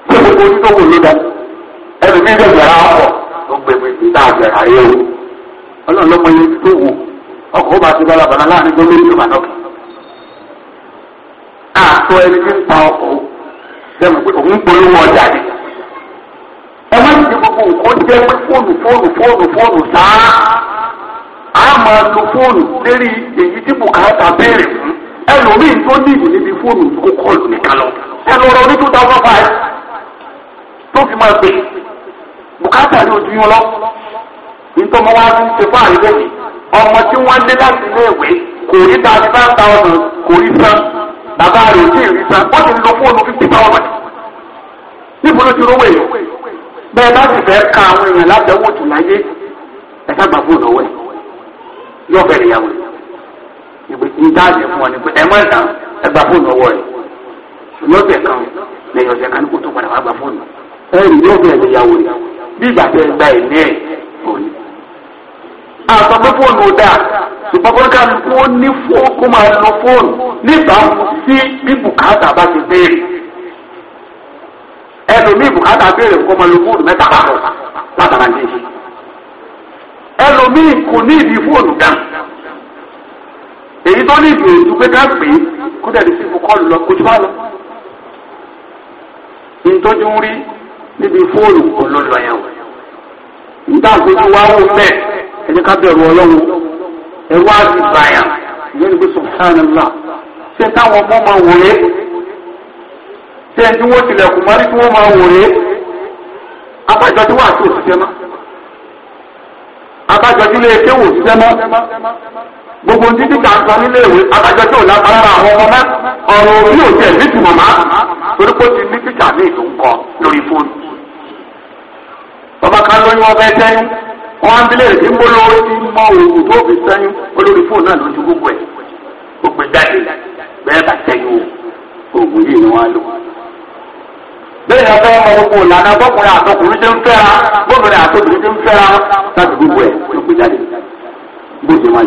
nínú ẹ̀jẹ̀ tó gbogbo orí tó wò ló dá ẹnu mi bẹ̀ gbẹ̀rẹ̀ ọkọ̀ tó gbẹ̀gbẹ̀ ti dá àgbẹ̀rẹ̀ ayé o ọlọ́run lọ́mọ yẹn tó wò ọkọ̀ ó bá ti bá labàlá láàrin gbọ́mẹ́rin tó bá nọ́ọ̀kì àtọ ẹni tí ń a máa lo fóònù lérí èyí tí bùkátà béèrè fún tó níbi fóònù kó kọlù nìkan lọ ẹ lọ rọ ní two thousand tó fi máa gbé bùkátà ní ojú yín lọ nítorí wọn wá ń ṣe fún àríwẹ̀yìn ọmọ tí wọ́n lé láti ilé ìwé kò rí thirty five kò rí san bàbá rẹ̀ tí rí san wọ́n ti lo fóònù yóò bẹ̀rẹ̀ yàwó ìgbè tí ń dá àjẹ fún ọ ni pé ẹ má dà ẹ gba fóònù ọwọ́ rẹ̀ ṣùgbọ́n ọ̀sẹ̀ kan lẹ́yìn ọ̀sẹ̀ kan ní kó tó padà wá gba fóònù ẹ rí yóò bẹ̀rẹ̀ yàwó rẹ̀ bí ìgbà tẹ gba ẹ̀mí ẹ̀ òní. àgbà pé fóònù ò dáa ṣùgbọ́n kó ká ló kó ní fóònù kó máa lo fóònù nígbà tí bí bùkátà bá ti béèrè ẹnu ní bùkátà béèrè kó máa lo fóònù mẹ́ta bá lọ ẹlòmíì kò ní ìdí fóònù dáhùn èyí tó ní ìdí ètò pé ká pè é kó dẹ̀ sí fún kọ́ọ̀lù lọ kojú wa lọ. ìtọ́jú ń rí níbi fóònù olólọ yẹn wò nígbà gbogbo wa wò bẹ́ẹ̀ ẹni ká bẹ̀rù ọlọ́run ẹ̀rú àti bàyà ìyẹn ní pé subhanallah ṣé táwọn ọmọ máa wòye ṣé ẹni tí wọ́n tilẹ̀kùn mọ́rí tí wọ́n máa wòye abájọ tí wọ́n àti òṣìṣẹ́ máa. akájọjúlé kéwù ṣiṣẹ́ mọ́ gbogbo títí tá a sọ nílé ìwé akájọjú òní apárára àwọn ọmọ mẹ́ ọ̀rọ̀ òbí ò tiẹ̀ ní tùmọ̀ má torí kó ti ní títà ní ìlú nǹkan lórí fóònù. bàbá kan lóyún ọbẹ̀ sẹ́yìn á ti mọ òògùn tó fi olórí fóònù bẹ́ẹ̀ ni ọ̀fẹ́ ọmọ gbogbo ìlànà bọ́kùnrin àtọkùnrin ṣe ń fẹ́ra bọ́kùnrin àtọkùnrin ṣe ń fẹ́ra láti gbogbo ẹ̀ ló gbé jáde gbogbo wa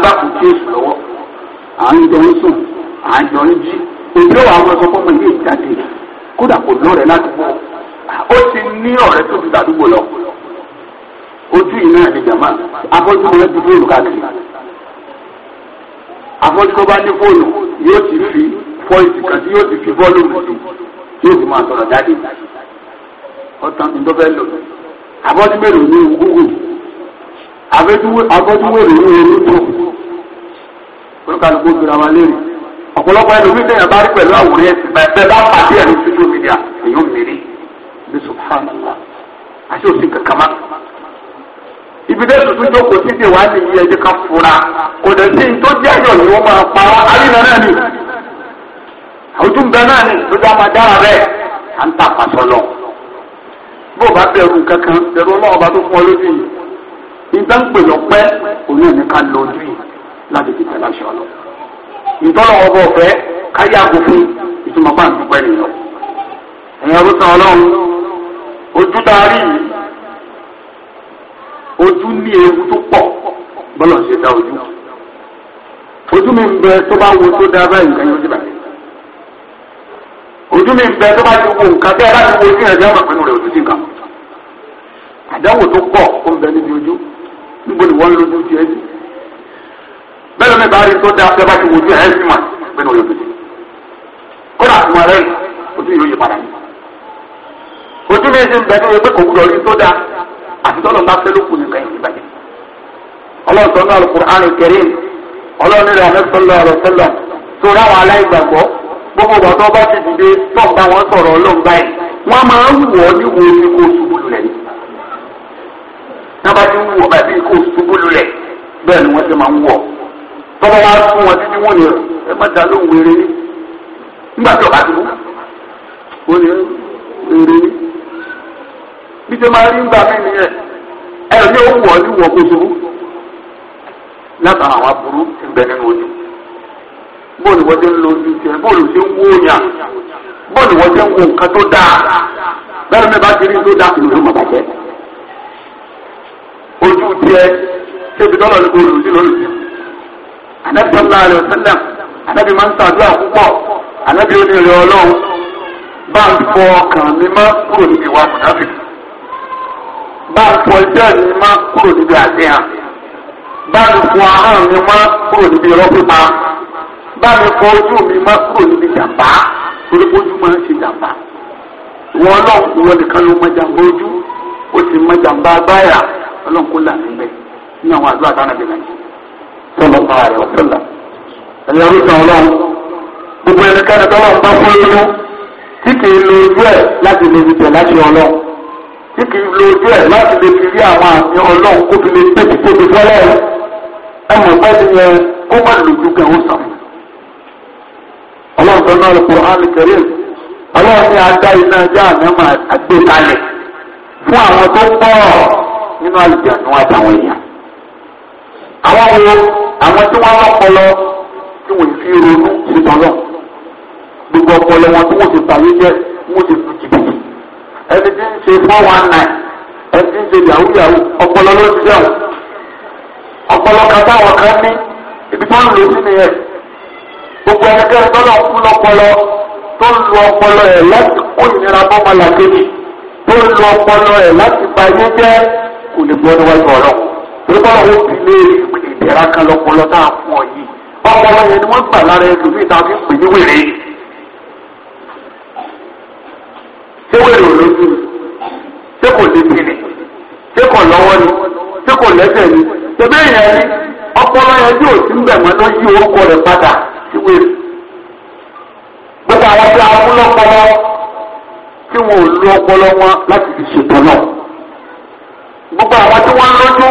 gbà kú sí èṣù lọ́wọ́ à ń jọ ń sùn à ń jọ ń jí sọ fún mi ní ìjáde kódà kò láti ó ti ní ọ̀rẹ́ tó ti dàdúgbò lọ ojú àfọ́jútó bá ní fóònù yóò ti fi pọ́ìntì kan tí yóò ti fi bọ́ọ̀lù mi sí yóò ti máa sọ̀rọ̀ jáde ọ̀tàn ìdọ́fẹ́ lò àfọ́júmẹ́rò ní gúgù àfọ́júmẹ́rò ní orí tó olùkàlùkù gbéra wa léèrè ọ̀pọ̀lọpọ̀ ẹlòmíì tẹ̀yàn bá rí pẹ̀lú àwòrán ẹ̀sìn bẹ́ẹ̀ bá pàdé ẹ̀rọ social media èèyàn mìíràn ní subhanallah àti òsì kankan ibidẹ tuntun jókòó títí wàá nìyí ẹjẹ ká fura kò dẹ̀ sí tó jẹ́ ni wọ́n máa pa wá ni ojú bẹ náà ni àmà dára à ń bó o bá kankan ọlọ́wọ́ bá tó fún ọ lójú yìí nígbà ń pè lọ́pẹ́ ká lọ ojú yìí láti fi tẹ̀lé aṣọ lọ ìtọ́lọ̀ ọbọ̀ ọ̀fẹ́ káyé ojú ní ewu tó pọ̀ bọ́lá ṣe dá ojú ojú mi ń bẹ tó bá wo tó dá báyìí nǹkan yóò dìbà ojú mi ń bẹ tó bá ti wo nǹkan bẹ́ẹ̀ bá otu wo ojú ẹ̀jẹ̀ ọmọ pinnu rẹ̀ ojú sí nǹkan àdánwò tó pọ̀ ó ń bẹ níbi ojú níbo ni wọ́n lójú ti ẹ́ bẹ́ẹ̀ lómi bá tó dá bẹ́ẹ̀ bá ti wo ojú ẹ̀ rẹ̀ ojú sí àti tọ́lọ̀ bá fẹ́ ló nìkan yìí bàjẹ́. ọlọ́run sọ alukur'an kẹrin ọlọ́run aláìgbàgbọ́ gbogbo ìgbà tó bá ti dìde tó ń bá wọn sọ̀rọ̀ ọlọ́run báyìí wọ́n máa ń wọ̀ ọ́ ní ni. bàbí ṣubú lulẹ̀ bẹ́ẹ̀ ni wọ́n ti máa ń tọ́wọ́ wá fún wọn títí bí ṣe máa rí ń gbà mí nìyẹn ẹ ní ó wọ̀ ní wọ̀ kó ṣubú látara àwọn aburú ti bẹ nínú ojú bóòlù wọ́n ti ń lo ojú tiẹ̀ bóòlù ti ń wó yàn bóòlù wọ́n ti ń wo nǹkan tó dáa bẹ́ẹ̀ mi bá ti rí tó dáa kùnú ló mọ̀ bàjẹ́ ojú tiẹ̀ ṣébi dọ́là ní bóòlù sí lórí anabi sallallahu alayhi wa anabi máa ń sàdúrà púpọ̀ anabi ó ní ìrẹ̀ ọlọ́run bá ń fọ ọkàn mi kúrò níbi wa mùnáfíkì bá ń fọ ẹjọ́ mi má kúrò níbi àṣehàn bá mi fọ ahọ́n mi má kúrò níbi irọ́ pípa bá mi fọ ojú mi má kúrò níbi jàmbá torí ojú máa ń ṣe jàmbá wọn náà wọn nìkan ló mọ jàmbá ojú ó sì mọ jàmbá báyà ọlọ́run kó là níbẹ̀ ní àwọn àdúrà táwọn àbẹ̀lẹ̀ yìí sọlọ bá rẹ ọ̀sọ́là ẹ̀yẹ orúkọ ọlọ́run gbogbo ẹnikẹ́ni tọ́lọ́run bá fún inú tí kì í lo ojú ẹ̀ láti lè fi tẹ̀ láti ọlọ́run tí kì í lo ojú ẹ̀ láti lè fi rí àwọn àmì ọlọ́run kó fi lè tètè tóbi fọ́lẹ́ ẹ mọ̀ pẹ́ ti yẹ kó má lójú gan ó sàn. ọlọ́run tó náà lọ́pọ̀ hàn kẹrẹ́ ọlọ́run ní adá iná ajá àmì ọmọ àgbékalẹ̀ fún àwọn tó pọ̀ nínú àlùjánu àtàwọn èèyàn. àwọn wo àwọn tí wọ́n lọ́pọlọ tí wọ́n fi ronú sí tọ́lọ́ gbogbo ọpọlọ wọn tí wọ́n ti bàyẹ́ jẹ́ wọ́n ti lu ẹni tí ń ṣe four one nine ẹni tí ń ṣe yahoo yahoo ọpọlọ ló ti dẹ̀wọ̀ ọpọlọ kan táwọn kan ní ibi tó ń lò sí nìyẹn gbogbo ẹnikẹ́ni tó lọ kú lọpọlọ tó ń lo ọpọlọ ẹ̀ láti kó ìnira bọ́mọ làkejì tó ń lo ọpọlọ ẹ̀ láti ba ayé jẹ́ kò lè gbọ́ níwájú ọ̀rọ̀ tó bá wọn fi lé ìdẹ̀ra kan lọpọlọ tá fún ọ yìí ọpọlọ yẹn ni wọ́n gbà lára ẹlòmíì ṣé wèrè ò ni ṣé kò lè kiri ṣé kò lọ́wọ́ ni ṣé kò lẹ́sẹ̀ ni ni ọpọlọ yẹn tí ń bẹ̀ mọ́ ló yí orúkọ rẹ̀ padà sí wèrè gbogbo àwọn tí a wọn ò ọpọlọ fi ṣètò náà gbogbo àwọn tí wọ́n lójú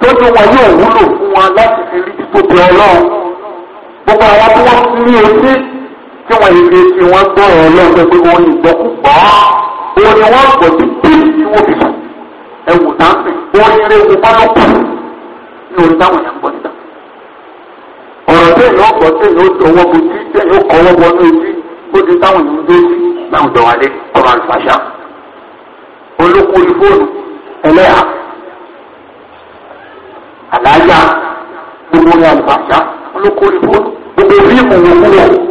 tójú wọn yóò wúlò fún wọn gbogbo àwọn tí wọ́n tí wọ́n yẹ fi wọ́n gbọ́ ọ̀rọ̀ lọ́gbẹ́ pé wọ́n ní ìgbọ́kúgbọ́ òun ni wọ́n gbọ́ sí bí tí wọ́n fi sùn ẹ̀wù táǹsì wọ́n yẹrẹ ewu bọ́lọ́ kù ní orí táwọn èèyàn ń gbọ́ níta. ọ̀rọ̀ tẹ̀yìn ó gbọ́ tẹ̀yìn ó dọwọ́ bu tí tẹ̀yìn ó kọ́wọ́ bọ ní ojú ó di táwọn èèyàn ń dé sí láwọn ìjọba lé ọ̀rọ̀ àlùfàṣà olókùn orí fóònù ẹlẹ́yà àlàáyà gbogbo orí àlùfàṣà olókùn orí fóònù gbogbo fíìmù wọn kúrò.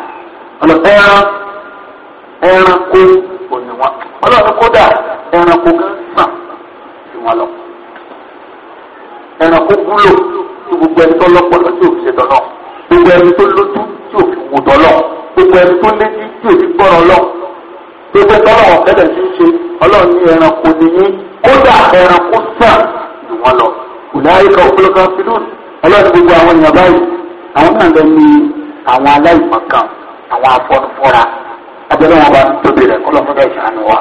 ọ̀nà ẹran ẹranko òní wọn ọlọ́run kódà ẹranko gan sàn sí wọn lọ ẹranko wúlò tí gbogbo ẹni tó lọ́pọlọ tí òfin ṣe tọ̀nà gbogbo ẹni tó lójú tí òfin wò tọ̀lọ̀ gbogbo ẹni tó létí tí òfin gbọ́rọ̀ lọ gbogbo tọ́lọ̀ ọ̀kẹ́dẹ̀ ti ń ṣe ọlọ́run ní ẹranko nìyí kódà ẹranko sàn sí wọn lọ kùláyé kan kúlọ́kan fídùn ọlọ́run gbogbo àwọn èèyàn báyìí àwọn náà lọ ní àwọn aláìmọ̀kan àwọn afọ́nufọ́ra abẹ́rẹ́ wọn bá tóbi rẹ̀ kọ́lọ́ fún bẹ́ẹ̀ sànù wa.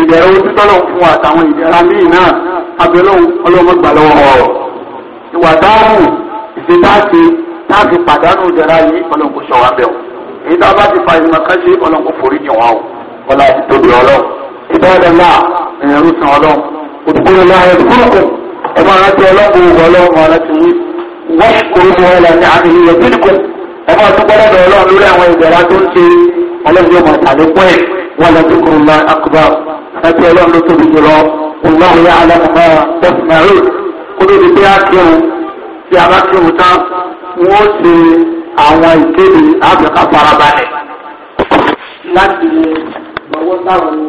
ìdẹ̀rẹ̀ ojú tọ́lọ̀ fún wa àtàwọn ìdẹ̀ra míì náà abẹ́rẹ́ ọlọ́mọ gbà lọ́wọ́ ọ̀rọ̀. ìwà dáhùn ìṣètáàsì táàsì pàdánù ìdẹ̀ra yìí ọlọ́nkò sọ wa bẹ́ẹ̀ o. èyí tá a bá ti fa ìmọ̀kánṣe ọlọ́nkò forí ni wọn o. wọn láti tóbi ọlọ́run. ìbáradàlá ẹ̀rù sàn ọlọ́run. òdùkúrẹ́lá ẹ̀rù kúròkùn ọmọ aráàlú ọlọ́run ọlọ́run ọlọ́run ti yí. wọ́n kúrò ẹ máa tún gbọ́dọ̀ dọ̀ ọlọ́run lórí àwọn ìbẹ̀rẹ̀ tó ń ṣe ọlọ́run yóò máa tàlékún ẹ̀ wọn lọ sí kùrùmà àkùbà àti ọlọ́run ló tóbi jùlọ ọlọ́run yá alámọ̀mọ́ tẹ̀sínárì kó ló di pé a kírun tí a bá kírun tán wọ́n ṣe àwọn ìkéde áfíríkà farabalẹ̀ láti lè lọ́wọ́ táwọn.